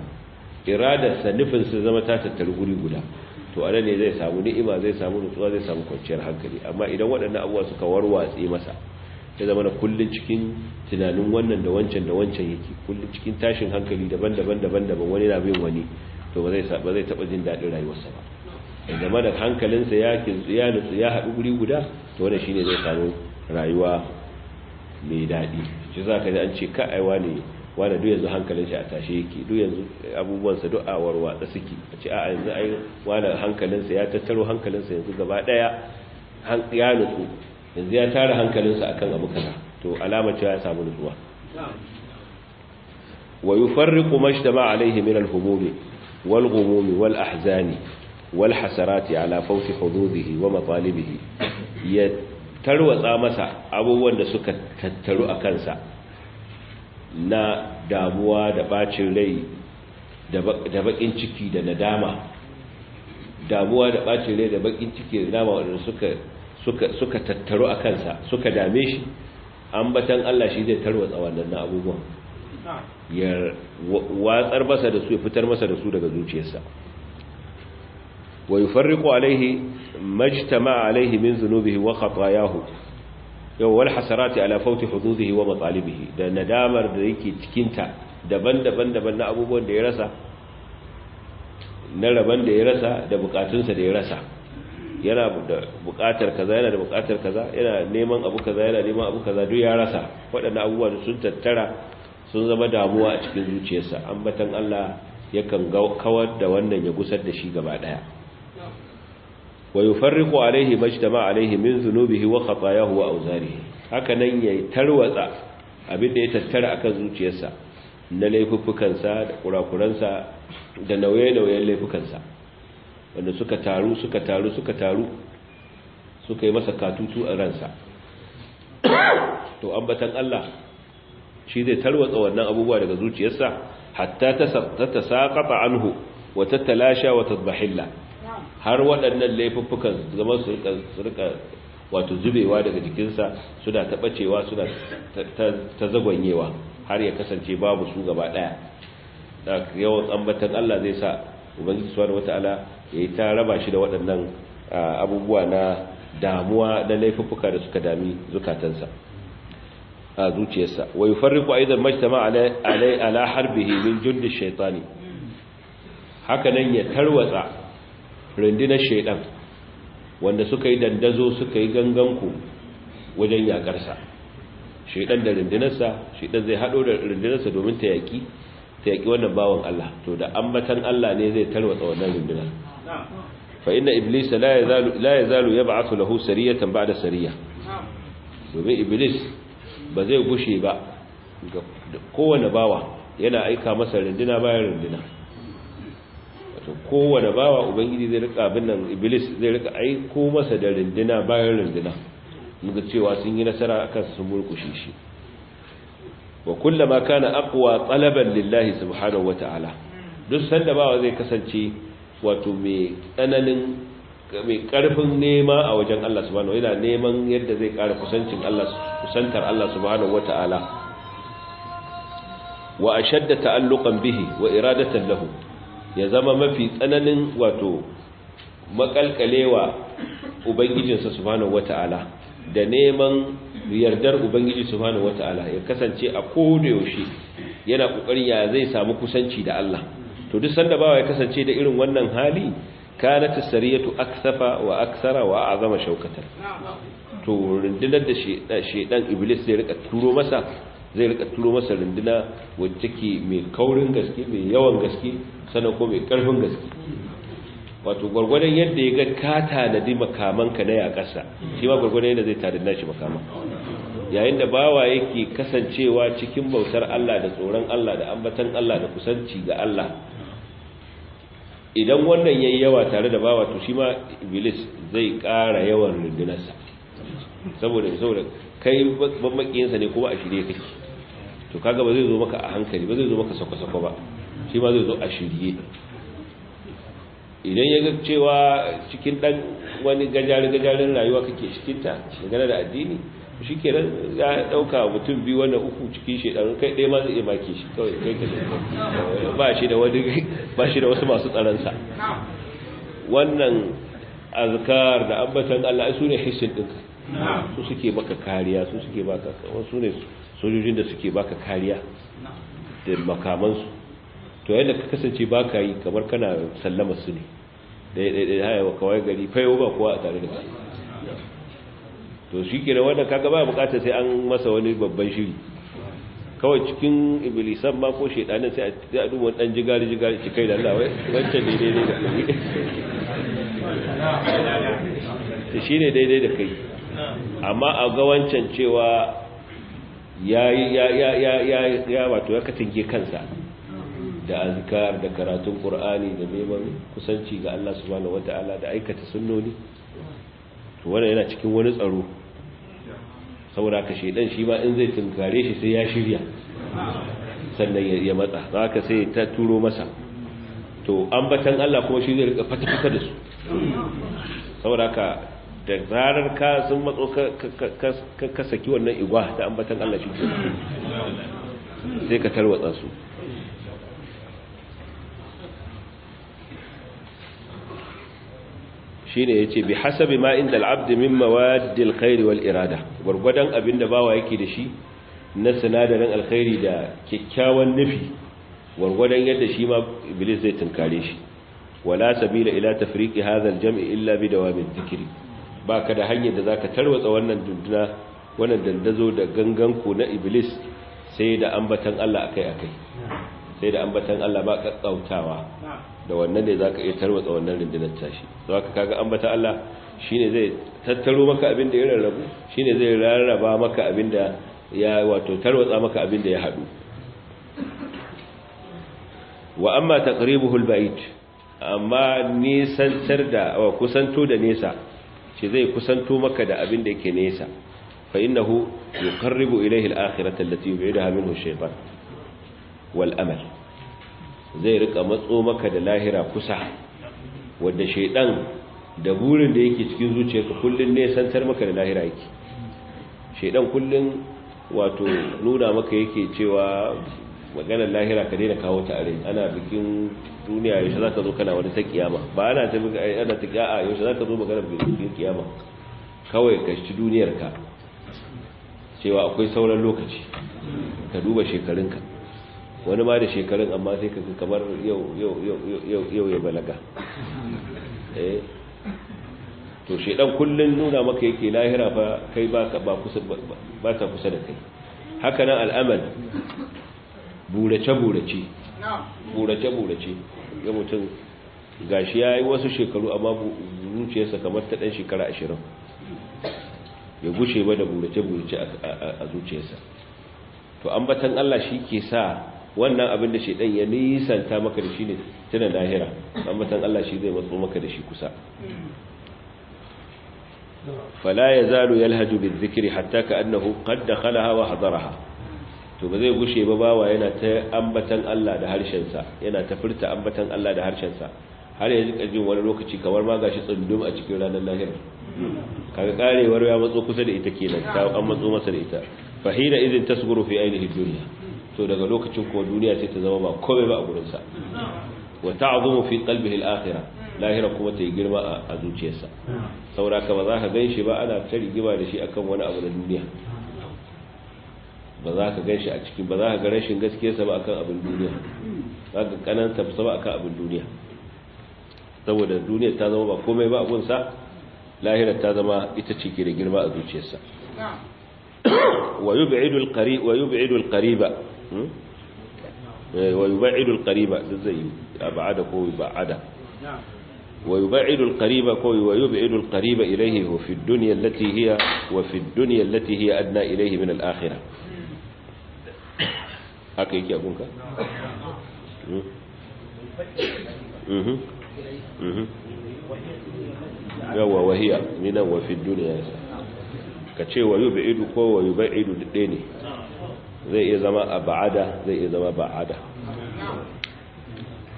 iradarsa nufinsa zama ta tattar guri guda to a ne zai samu ni'ima zai samu nutsuwa zai samu kwanciyar hankali amma idan waɗannan abubuwa suka warwatse masa ya zama na kullum cikin tunanin wannan da wancan da wancan yake kullum cikin tashin hankali daban-daban daban-daban wani na bin wani to ba zai ba zai taba jin dadin rayuwarsa ba da zama da hankalinsa ya ya nutsu ya haɗu guri guda to wannan shine zai samu rayuwa mai dadi shi za ka ji an ce ka aiwa ne wanda duk yanzu hankalin shi a tashe yake duk yanzu abubuwansa duk a warwatsa suke a ce a yanzu ai wanda hankalinsa ya tattaro hankalinsa yanzu gaba daya ya nutsu yanzu ya tara hankalinsa akan abu kaza to alama cewa ya samu nutsuwa wa yufarriqu mashtama alayhi min al-humumi wal ghumumi wal ahzani wal hasarati ala fawti hududihi wa matalibihi ya tarwatsa masa abubuwan da suka tattaru a kansa na damuwa da bacin rai da bakin ciki da nadama damuwa da bacin rai da bakin ciki da nadama wanda suka suka suka tattaru a kansa suka dame shi ambatan Allah shi zai tarwatsa wannan abubuwan ya watsar masa da su ya fitar masa da su daga zuciyarsa wa yufarriqu alaihi majtama alaihi min zunubihi wa khatayahu yau wal hasarati ala fawti hududihi wa matalibihi da nadamar da yake cikin ta daban-daban daban na abubuwan da ya rasa na raban da ya rasa da bukatunsa da ya rasa yana da buƙatar kaza yana da buƙatar kaza yana neman abu kaza yana neman abu kaza duk ya rasa waɗannan abubuwa sun tattara sun zama damuwa a cikin zuciyarsa ambatan Allah yakan kawar da wannan ya gusar da shi gaba ɗaya wa yufarriqu Alayhi majtama Alayhi min zunubihi wa khatayahu wa awzarihi haka nan yayi tarwatsa abin da ya tattara akan zuciyarsa na laifukansa da kurakuransa da nauye-nauyen laifukansa wanda suka taru suka taru suka taru suka yi masa katutu a ransa to ambatan Allah shi zai tarwatsa wannan abubuwa daga zuciyarsa hatta ta tasaqata anhu wa tatalasha wa tadbahilla har waɗannan laifuffukan zama su rika wato zubewa daga jikinsa suna taɓacewa suna ta zagonyewa har ya kasance babu su gaba ɗaya yawan ambatan Allah zai sa ubangiji subhanahu wataala yayi ta raba shi da waɗannan abubuwa na damuwa da laifuffuka da suka dami zukatansa a zuciyarsa wa yufarriqu aidan majtama alai ala harbihi min jundi shaytani haka nan ya tarwatsa rundunar shaydan wanda suka yi dandazo suka yi ganganku wajen yakarsa shaydan da rundunarsa shaydan zai hado da rundunarsa domin ta yaki sai yaki wannan bawan Allah to da ambatan Allah ne zai tarwatsa wannan rundunar fa inna iblis la yazalu la yazalu yab'athu lahu sariyatan ba'da sariya domin iblis ba zai gushe ba ga kowane bawa yana aika masa runduna bayan runduna to kowane bawa ubangiji zai rika abin nan iblis zai rika aika masa da runduna bayan runduna muka cewa sun yi nasara akan su murkushe shi wa kullama kana aqwa talaban lillahi subhanahu ta'ala duk sanda bawa zai kasance wato mai tsananin karfin nema a wajen Allah subhanahu yana neman yadda zai kara kusancin Allah kusantar Allah subhanahu ta'ala wa ashadda ta'alluqan bihi wa iradatan lahu ya zama mafi tsananin wato makalkalewa ubangijinsa subhanahu ta'ala. da neman yardar ubangiji subhanahu wataala ya kasance a koda yaushe yana kokari ya zai samu kusanci da Allah to duk sanda bawa ya kasance da irin wannan hali kanat sariyatu akthafa wa akthara wa azama shaukatan to rundunar da shedan iblis zai rika turo masa zai rika turo masa runduna wacce ke mai kaurin gaske mai yawan gaske sannan ko mai karfin gaske wato gwargwadon yadda ya ga ka tanadi makamanka na yaƙasa shi ma gwargwadon yadda zai tanadi shi makaman yayin da bawa yake kasancewa cikin bautar Allah da tsoron Allah da ambatan Allah da kusanci ga Allah idan wannan yayi yawa tare da bawa to shi ma iblis zai ƙara yawan rundunarsa saboda saboda kai sa ne kuma a shirye kake to kaga ba zai zo maka a hankali ba zai zo maka sako-sako ba shi ma zai zo a shirye idan ya ga cewa cikin dan wani gajari-gajarin rayuwa kake cikinta dangane da addini shi ke nan ya ɗauka mutum biyu wanda uku cikin shekarun kai ɗaya ma zai iya maki shi kawai kai ka ba shi da ba shi da wasu masu tsaransa wannan azkar da ambatan Allah su ne hissin ɗin su suke baka kariya su suke baka wasu ne sojojin da suke baka kariya da makamansu to yadda ka kasance ba ka yi kamar kana sallama su ne ɗaiɗaiɗai haya wa kawai gari fayo ba kowa a tare da su to shi ke kira wannan kaga ba bukatar sai an masa wani babban shiri kawai cikin iblisan ma ko shedanin sai a wani dan jigari jigari cikai da Allah wancan daidai da kai shi ne daidai da kai amma a ga wancan cewa ya ya ya ya ya wato ya katinge kansa da azkar da karatun qur'ani da neman kusanci ga Allah subhanahu wataala da aikata sunnoni to wannan yana cikin wani tsaro saboda ka shedan shi ba in zai tunkare shi sai ya shirya sannan ya matsa zaka sai ta turo masa to ambatan Allah kuma shi zai rika fata-fata da su saboda ka da zarar ka sun matso ka saki wannan igwa da ambatan Allah shi sai ka tarwatsa su shine yace bi hasabi ma inda al-abd min mawaddil khair wal irada gurgudan abinda bawa yake da shi na sinadarin alkhairi da kikkiawan nufi gurgudan yadda shi ma iblis zai tunkare shi wala sabila ila tafriqi hadha al-jam'i illa bi dawamin dhikri baka da hanyar da zaka tarwatsa wannan dunduna wannan dandazo da gangan ku na iblis sai da ambatan Allah akai akai sai da Allah ba kakkautawa da wannan ne ka iya tarwatsa wannan rundunar tashi ka kaga ambata Allah ne zai tattaro maka abin da ya rarrabu ne zai rarraba maka abin da ya wato tarwatsa maka abin da ya haɗu? wa amma taqribuhu albayt amma nisantar da wa kusanto da nesa shi zai kusanto maka da abin da yake nesa fa innahu yuqarribu ilayhi alakhirata allati yubidaha minhu ash-shaytan wal amal zai rika matso maka da lahira kusa wanda shaidan da burin da yake cikin zuciyarka kullun ne santar maka da lahira yake shaidan kullun wato nuna maka yake cewa maganar lahira ka daina kawo ta are ana bikin duniya yaushe ka zo kana wani ta kiyama ba ana ta ana ta yau za ka zo maganar bikin kiyama kawai ka shi duniyarka cewa akwai sauran lokaci ka duba shekarunka wani ma da shekarun amma sai ka kamar yau ya balaga eh. to shedan kullun nuna maka yake lahira fa kai ba ba kusa ba ta kusa da kai haka nan al'amal burace burace burace burace ya mutum gashi yayi wasu shekaru amma zuciyarsa kamar ta dan shekara 20 ya gushe ba da burace burace a zuciyarsa to ambatan Allah shi ke sa wannan abin da shedan ya nisanta maka da shi ne tunan lahira ambatan Allah shi zai matso maka da shi kusa fala yazalu yalhaju bizikri hatta ka annahu qad dakhalaha wa hadaraha to ba zai gushe ba bawa yana ta ambatan Allah da harshen sa yana ta furta ambatan Allah da harshen sa har ya jika jin wani lokaci kamar ma gashi tsundum a cikin ranar lahira kaga karewar ya matso kusa da ita kenan ta an matso masa da ita fahina idin tasguru fi ainihi dunya to daga lokacin kuwa duniya sai ta zama ba komai ba a gurinsa wa ta'zumu fi qalbihi al akhira lahira kuma ta yi girma a zuciyarsa saboda ka ba za ka ganshi ba ana ta rigima da shi akan wani abu na duniya ba za ka ganshi a cikin ba za ka ga rashin gaskiyarsa ba akan abin duniya za ka kananta ba akan abin duniya saboda duniya ta zama ba komai ba a gunsa lahira ta zama ita ce ke da girma a zuciyarsa wa yub'idu al-qari wa yub'idu al-qariba إيه، ويبعد القريبة زي أبعده هو يبعده ويبعد كوي ويبعد القريبة إليه في الدنيا التي هي وفي الدنيا التي هي أدنى إليه من الآخرة haka يا abunka? yawa وهي من وفي الدنيا كشيء ويبعد كوي ويبعد الدنيا zai iya zama a ba'ada zai iya zama ba'ada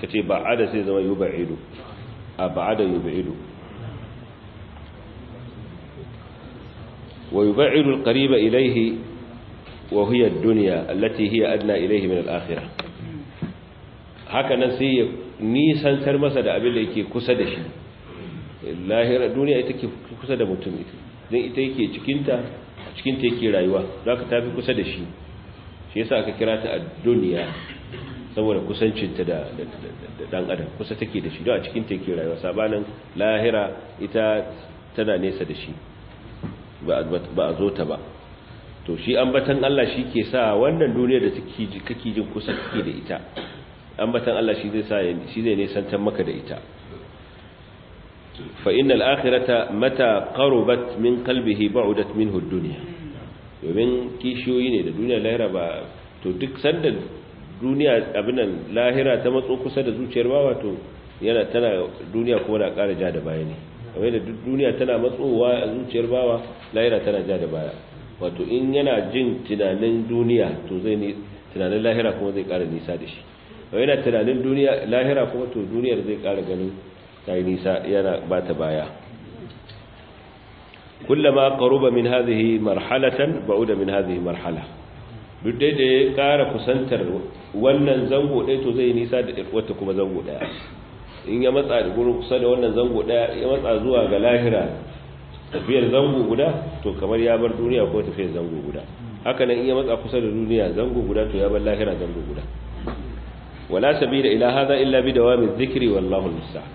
ka ce ba'ada sai zama yi ba'idu a ba'ada yi ba'idu wa yi ba'idu alƙariba ilaihi wa hiyar duniya allati hiya adna ilaihi min al'akhira haka nan sai ya nisantar masa da abin da yake kusa da shi lahira duniya ita ke kusa da mutum ita don ita yake cikinta cikinta yake rayuwa za ka tafi kusa da shi shi yasa aka kira ta duniya saboda kusancinta da dan adam kusa take da shi don a cikin take rayuwa sabanin lahira ita tana nesa da shi ba a zo ta ba to shi ambatan Allah shi ke sa wannan duniyar da kake jin kusa kake da ita ambatan Allah shi zai sa shi zai nesantar maka da ita fa innal akhirata mata qarabat min qalbihi ba'udat minhu ad-dunya domin kishiyoyi ne da duniya lahira ba to duk sanda duniya abinan lahira ta matso kusa da zuciyar bawa to yana tana duniya kuma na ƙara ja da baya ne kamar da duniya tana matsowa a zuciyar bawa lahira tana ja da baya wato in yana jin tunanin duniya to zai ne tunanin lahira kuma zai ƙara nisa da shi kamar yana tunanin duniya lahira kuma to duniyar zai ƙara ganin ta yi nisa yana ba ta baya kullama qaruba min hadhihi marhalatan ba'uda min hadhihi marhala duk dai da ya ƙara kusantar wannan zango ɗaya to zai nisa da wata kuma zango daya. in ya matsa da gurin kusa da wannan zango ɗaya ya matsa zuwa ga lahira tafiyar zango guda to kamar ya bar duniya ko tafiyar zango guda haka nan in ya matsa kusa da duniya zango guda to ya bar lahira zango guda wala sabila ila hadha illa bi dawami dhikri wallahu musta'an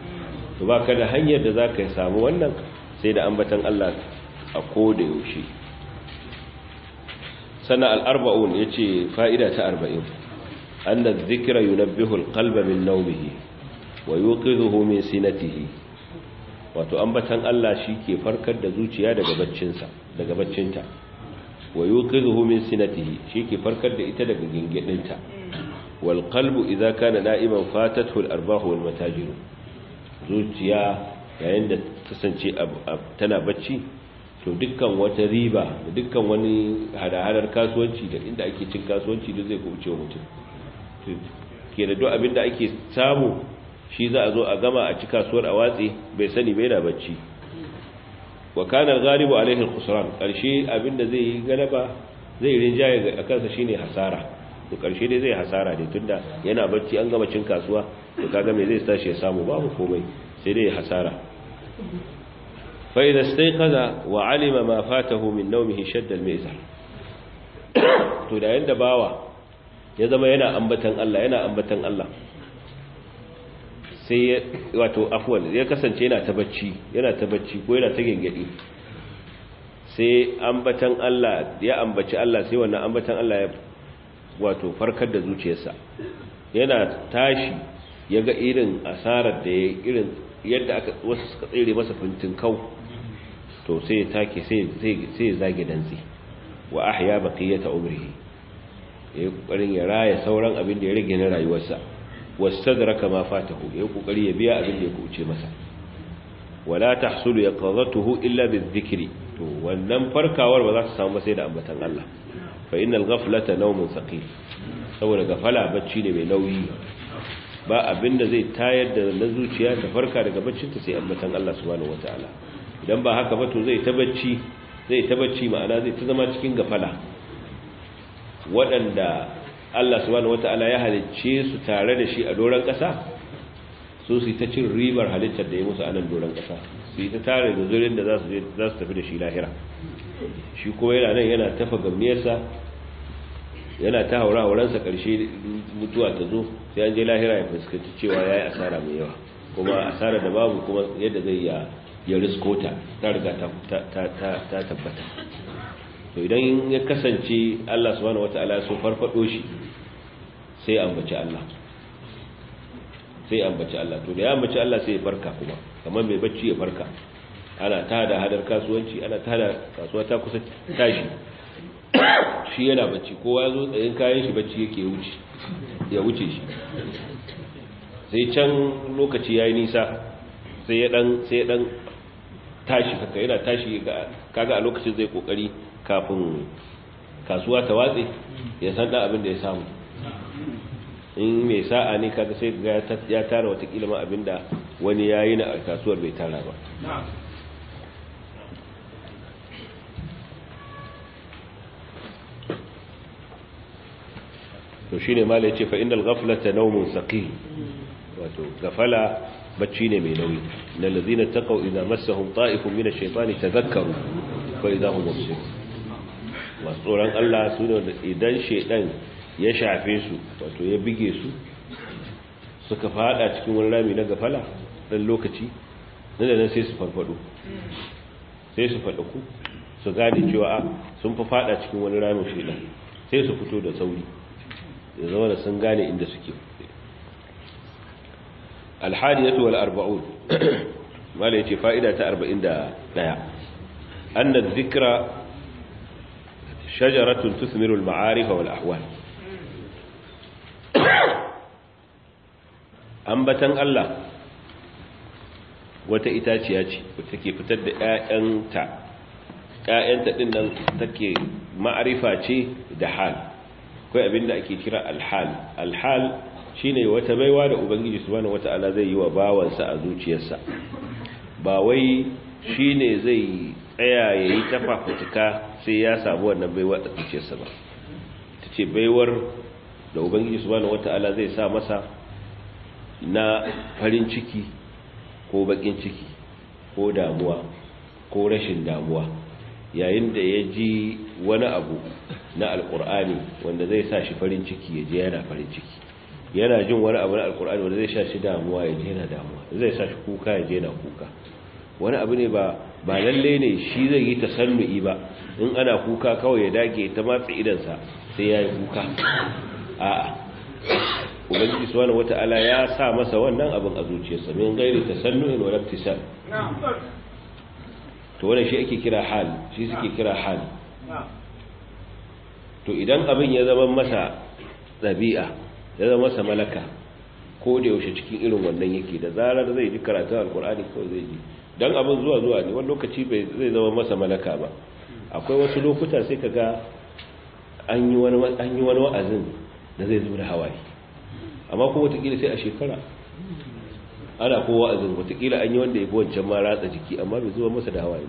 to ba ka da hanyar da zaka samu wannan sai da ambatan Allah a koda yaushe sana al'arba'un ya ce fa'ida ta arba'in an da zikira yunabbihul kalba min naumihi wa yuqizuhu min sinatihi wato ambatan Allah shi ke farkar da zuciya daga baccinsa daga baccinta wa yuqizuhu min sinatihi shi ke farkar da ita daga gingidinta wal qalbu idza kana na'iman fatathu al arbahu wal matajiru zuciya yayin da ta kasance tana bacci to dukkan wata riba da dukkan wani hada-hadar kasuwanci da inda ake cin kasuwanci duk zai kubuce mutum ke da duk abin ake samu shi za a zo a gama a ci kasuwar a watsi bai sani bai na bacci wa kana al-ghalibu alayhi al-khusran karshe abin zai yi galaba zai rinjaye a kansa shine hasara to karshe dai zai hasara dai tunda yana bacci an gama cin kasuwa to kaga me zai tashi ya samu babu komai sai dai hasara fa idza istayqaza wa alima ma fatahu min nawmihi shadda al-mizar to da yanda bawa ya zama yana ambatan Allah yana ambatan Allah sai wato afwan ya kasance yana ta bacci yana ta bacci ko yana ta gengedi sai ambatan Allah ya ambaci Allah sai wannan ambatan Allah ya wato farkar da zuciyarsa yana tashi ya ga irin asarar da irin yadda aka wasu suka tsere masa fintin kau to sai take sai zage dantsi wa ahya baqiyata umrihi yayi kokarin ya raya sauran abin da ya rage na rayuwarsa wastadraka ma fatahu yayi kokari ya biya abin da ya kuce masa wala tahsulu yaqadatuhu illa bizikri to wannan farkawar ba za ta samu sai da ambatan Allah fa innal ghaflata nawmun saqil saboda gafala bacci ne mai nauyi ba abinda zai tayar da na zuciya ta farka daga baccinta sai ambatan Allah subhanahu wataala dan ba haka ba to zai tabacci zai tabacci ma'ana zai ta zama cikin gafala waɗanda Allah subhanahu wata'ala ya halicce su tare da shi a doron ƙasa su su ta cin ribar halittar da ya musu a nan doron ƙasa su yi ta tare da zurin da za su tafi da shi lahira shi kuma yana nan yana tafa gamniyarsa yana ta haura wuransa karshe mutuwa ta zo sai an je lahira ya fuskanci cewa ya yi asara mai yawa kuma asara da babu kuma yadda zai ya ya riskota ta riga ta tabbata to idan ya kasance Allah subhanahu wataala so farfado shi sai ambaci Allah sai ambaci Allah to da ya ambaci Allah sai ya farka kuma kamar mai bacci ya farka ana tada hadar kasuwanci ana tada kasuwa ta kusa tashi shi yana bacci kowa ya zo tsayin kayan shi bacci yake wuce ya wuce shi sai can lokaci yayi nisa sai ya dan sai ya dan tashi haka yana tashi kaga a lokacin zai kokari kafin kasuwa ta watse ya san dan abin da ya samu in mai sa'a ne kaga sai ga ya tara watakila ma abin da wani yayi na kasuwar bai tara ba to shine malai ce fa innal ghaflata nawmun saqil wato gafala bacci ne mai nauyi na lazina taqaw idza masu tsoron Allah su ne wanda idan ya shafe ya bige su suka fada cikin wani rami na gafala dan lokaci nan sai su farfado sai su ku su gane cewa ah, sun fa fada cikin wani ramin sai su fito da sauri ya zama sun gane inda suke alhadiyatu wal arba'un mala yace fa'ida ta 41 anna dhikra shajaratun tusmiru al ma'arif wal ahwal ambatan Allah wata itaciya ce wata ke fitar da ƴaƴanta ƴaƴanta din nan take ma'arifa ce da hal akwai abinda ake kira alhal alhal Shi ne wata baiwa da ubangiji wata Ala zai yi wa bawansa a zuciyarsa ba wai shi ne zai tsaya ya yayi tafafutuka sai ya sabu wannan baiwa a zuciyarsa ba Ta ce baiwar da ubangiji wata Ala zai sa masa na farin ciki ko bakin ciki ko damuwa ko rashin damuwa yayin da ya ji wani abu na alkur'ani wanda zai sa shi farin ciki ya ji yana farin ciki yana jin wani abu na alkur'ani wanda zai sha shi damuwa ya jena damuwa zai sa shi kuka ya jena kuka wani abu ne ba ba lalle ne shi zai yi tasannu'i ba in ana kuka kawai ya dage ta matsa idansa sai ya yi kuka a'a ubangiji subhanahu wata'ala ya sa masa wannan abin a zuciyarsa min gairi tasannu'in wa ibtisal to wannan shi ake kira hal shi suke kira hal to idan abin ya zama masa dabi'a ya zama masa malaka ko da yaushe cikin irin wannan yake da zarar zai ji karatun alkur'ani ko zai ji don abin zuwa zuwa ne wani lokaci bai zai zama masa malaka ba akwai wasu lokuta sai ka ga an yi wani wa'azin da zai zo da hawaye amma kuma watakila sai a shekara ana ko wa'azin watakila an yi wanda ya bi wancan ma ratsa jiki amma bai zuwa masa da hawaye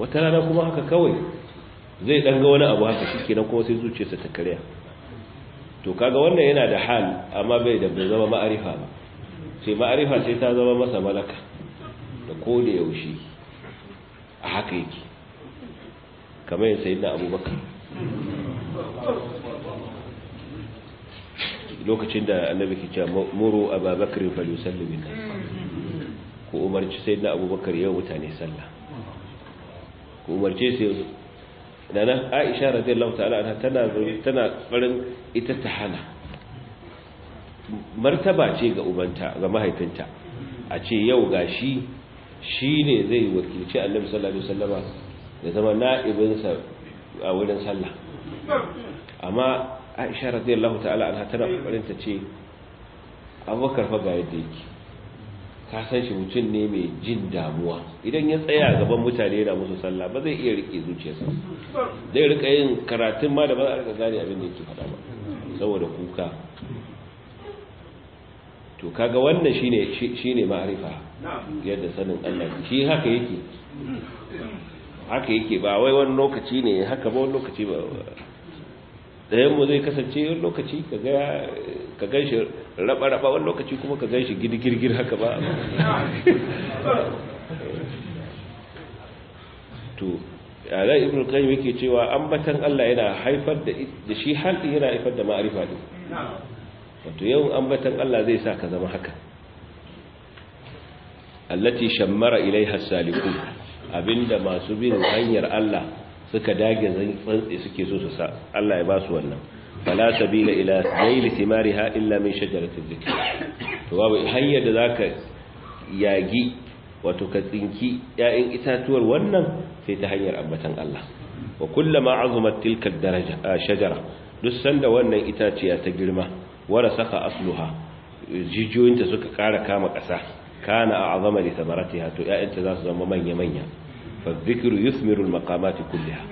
wata rana kuma haka kawai zai ɗanga wani abu haka shi kenan kuma sai zuciyarsa ta karya to kaga wannan yana da hal amma bai da bai zama ma'arifa ba sai ma'arifa sai ta zama masa malaka da ko da yaushe a haka yake kamar yin sayi na abubakar lokacin da annabi ke cewa muru a babakarin falusallumin nan ko umarci sayi na abubakar yau mutane sallah ko umarci sai da nan aisha radiyallahu ta'ala ana tana tana farin ita ta hana martaba ce ga ubanta ga mahaifinta a ce yau gashi shine zai wakilci annabi sallallahu alaihi wasallama da zama sa a wurin sallah amma aisha radiyallahu ta'ala anha tana farin ta ce abubakar fa ga yadda yake ka san shi mutum ne mai jin damuwa idan ya tsaya gaban mutane yana musu sallah ba zai iya rike zuciyarsa zai rika yin karatun ma da ba za a rika gane abin da yake faɗa ba saboda kuka to kaga wannan shine shine ma'arifa yadda sanin Allah shi haka yake haka yake ba wai wani lokaci ne haka ba wani lokaci ba mu zai kasance yin lokaci ka gan shi raba-raba wani lokaci kuma ka gan shi girgirgir haka ba to ala ibn qayyim yake cewa ambatan Allah yana haifar da shi halin yana haifar da ma'arifa ne wato yau ambatan Allah zai sa ka zama haka allati shammara ilai hassaliku abinda masu bin hanyar Allah suka dage tsantsi suke so su sa Allah ya ba su wannan fala sabila ila zaili timariha illa min shajaratil zikr to babu hanyar da zaka yagi wato ka tsinki ƴaƴan itatuwar wannan sai ta hanyar ambatan Allah wa kullama azumat tilka daraja shajara duk sanda wannan itaciya ta girma wara saka asluha jijiyoyinta suka kara kama ƙasa kana a azama da samaratiha to 'ya'yanta za su zama manya manya فالذكر يثمر المقامات كلها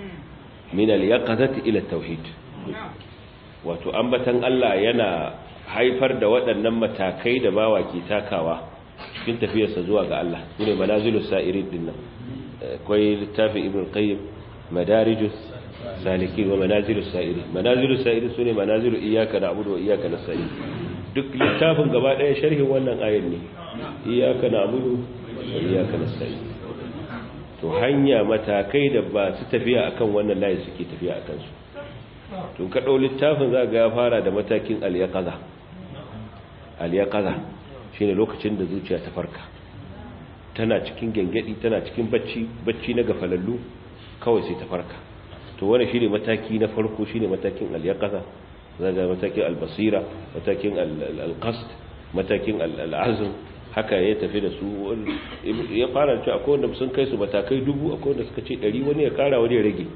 من اليقظة إلى التوحيد وتؤمتا ألا ينا haifar da waɗannan matakai da bawa ke takawa cikin tafiyarsa zuwa ga Allah sune manazilus sa'irin din akwai littafin ibn qayyim madarijus wa manazilus sa'irin manazilus sa'irin sune manazilu iyyaka na'budu wa iyyaka nasta'in duk littafin gaba sharhin wannan ayar ne wa to hanya matakai da ba su tafiya akan wannan layi suke tafiya akan su to ka dau littafin za ga ya fara da matakin al-yaqaza al-yaqaza shine lokacin da zuciya ta farka tana cikin gengedi tana cikin bacci bacci na gafalallu kawai sai ta farka to wannan shine mataki na farko shine matakin al-yaqaza za ga matakin al-basira matakin al-qasd matakin al-azm haka ya tafi da su ya fara cewa akwai wanda sun kai su matakai dubu akwai wanda suka ce dari wani ya kara wani ya rage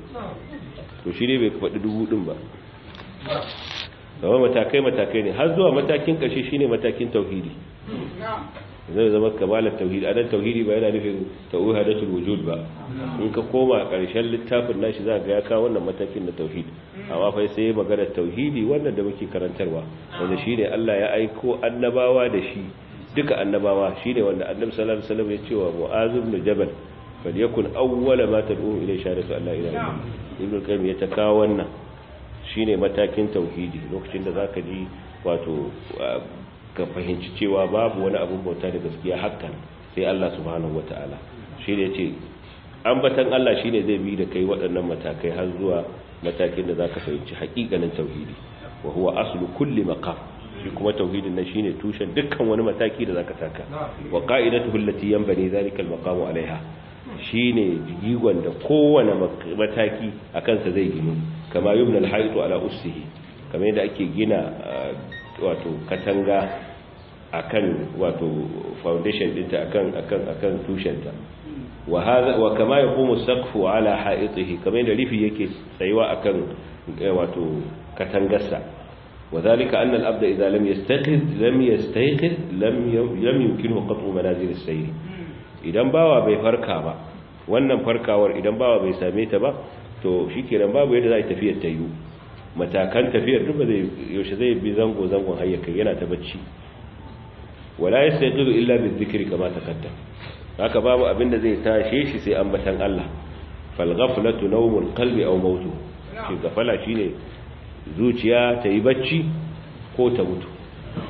to shi ne bai faɗi dubu ɗin ba zama matakai matakai ne har zuwa matakin ƙarshe shi ne matakin tauhidi zai zama kamalar tauhidi nan tauhidi ba yana nufin su wujud ba in ka koma ƙarshen littafin nashi za ga ya kawo wannan matakin na tauhidi amma fa sai magana tauhidi wannan da muke karantarwa wanda shine Allah ya aiko annabawa da shi duka annabawa shine wanda annabi sallallahu alaihi wasallam ya ce wa mu'az ibn jabal falyakun awwala ma tad'u ila shahadatu alla ilaha illa qayyim ya kawo wannan shine matakin tauhidi lokacin da zaka ji wato ka fahimci cewa babu wani abun bauta da gaskiya hakan sai Allah subhanahu wataala shine yace ambatan Allah shine zai bi da kai waɗannan matakai har zuwa matakin da zaka fahimci haƙiƙanin tauhidi wa huwa aslu kulli maqam shi kuma tauhidin nan shine tushen dukkan wani mataki da zaka taka wa qa'idatuhu allati yanbani zalika al-maqamu alaiha shine jigigon da kowane mataki a kansa zai gino kama yubna al ala ussihi kamar yadda ake gina ah, wato katanga akan wato foundation dinta akan akan akan tushenta wa hadha wa kama yaqumu saqfu ala ha'itihi kamar yadda rifi yake tsayuwa akan eh, wato katangarsa وذلك أن الأبد إذا لم يستيقظ لم يستيقظ لم لم يمكنه قطع منازل السير idan bawa bai farka ba wannan farkawar idan bawa bai same ta ba to shikenan babu yadda za a tafiyar ta yiwu matakan tafiyar duk ba zai yaushe zai bi zango zangon kai yana ta bacci wala yastayqidu illa bizikri kama takaddam haka babu abin da zai tashe shi sai an batan Allah fal ghaflatu nawmul qalbi aw mautu shi gafala shine zuciya ta yi bacci ko ta mutu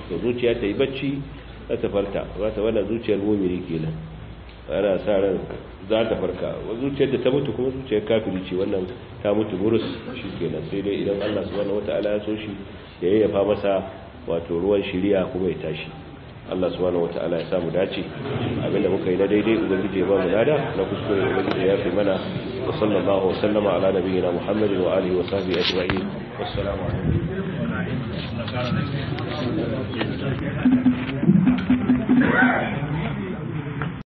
to zuciya ta yi bacci za ta farta za ta wannan zuciyar mumini kenan ana sa ran za ta farka zuciyar da ta mutu kuma zuciyar kafiri ce wannan ta mutu burus shi kenan sai dai idan Allah subhanahu wataala ya so shi ya fa masa wato ruwan shiriya kuma ya tashi Allah subhanahu ta'ala ya samu dace abinda muka yi na daidai ubangiji ya ba mu nada na kuskure ubangiji ya fi mana wa sallallahu wa sallama ala nabiyyina muhammadin wa alihi wa sahbihi ajma'in wassalamu alaikum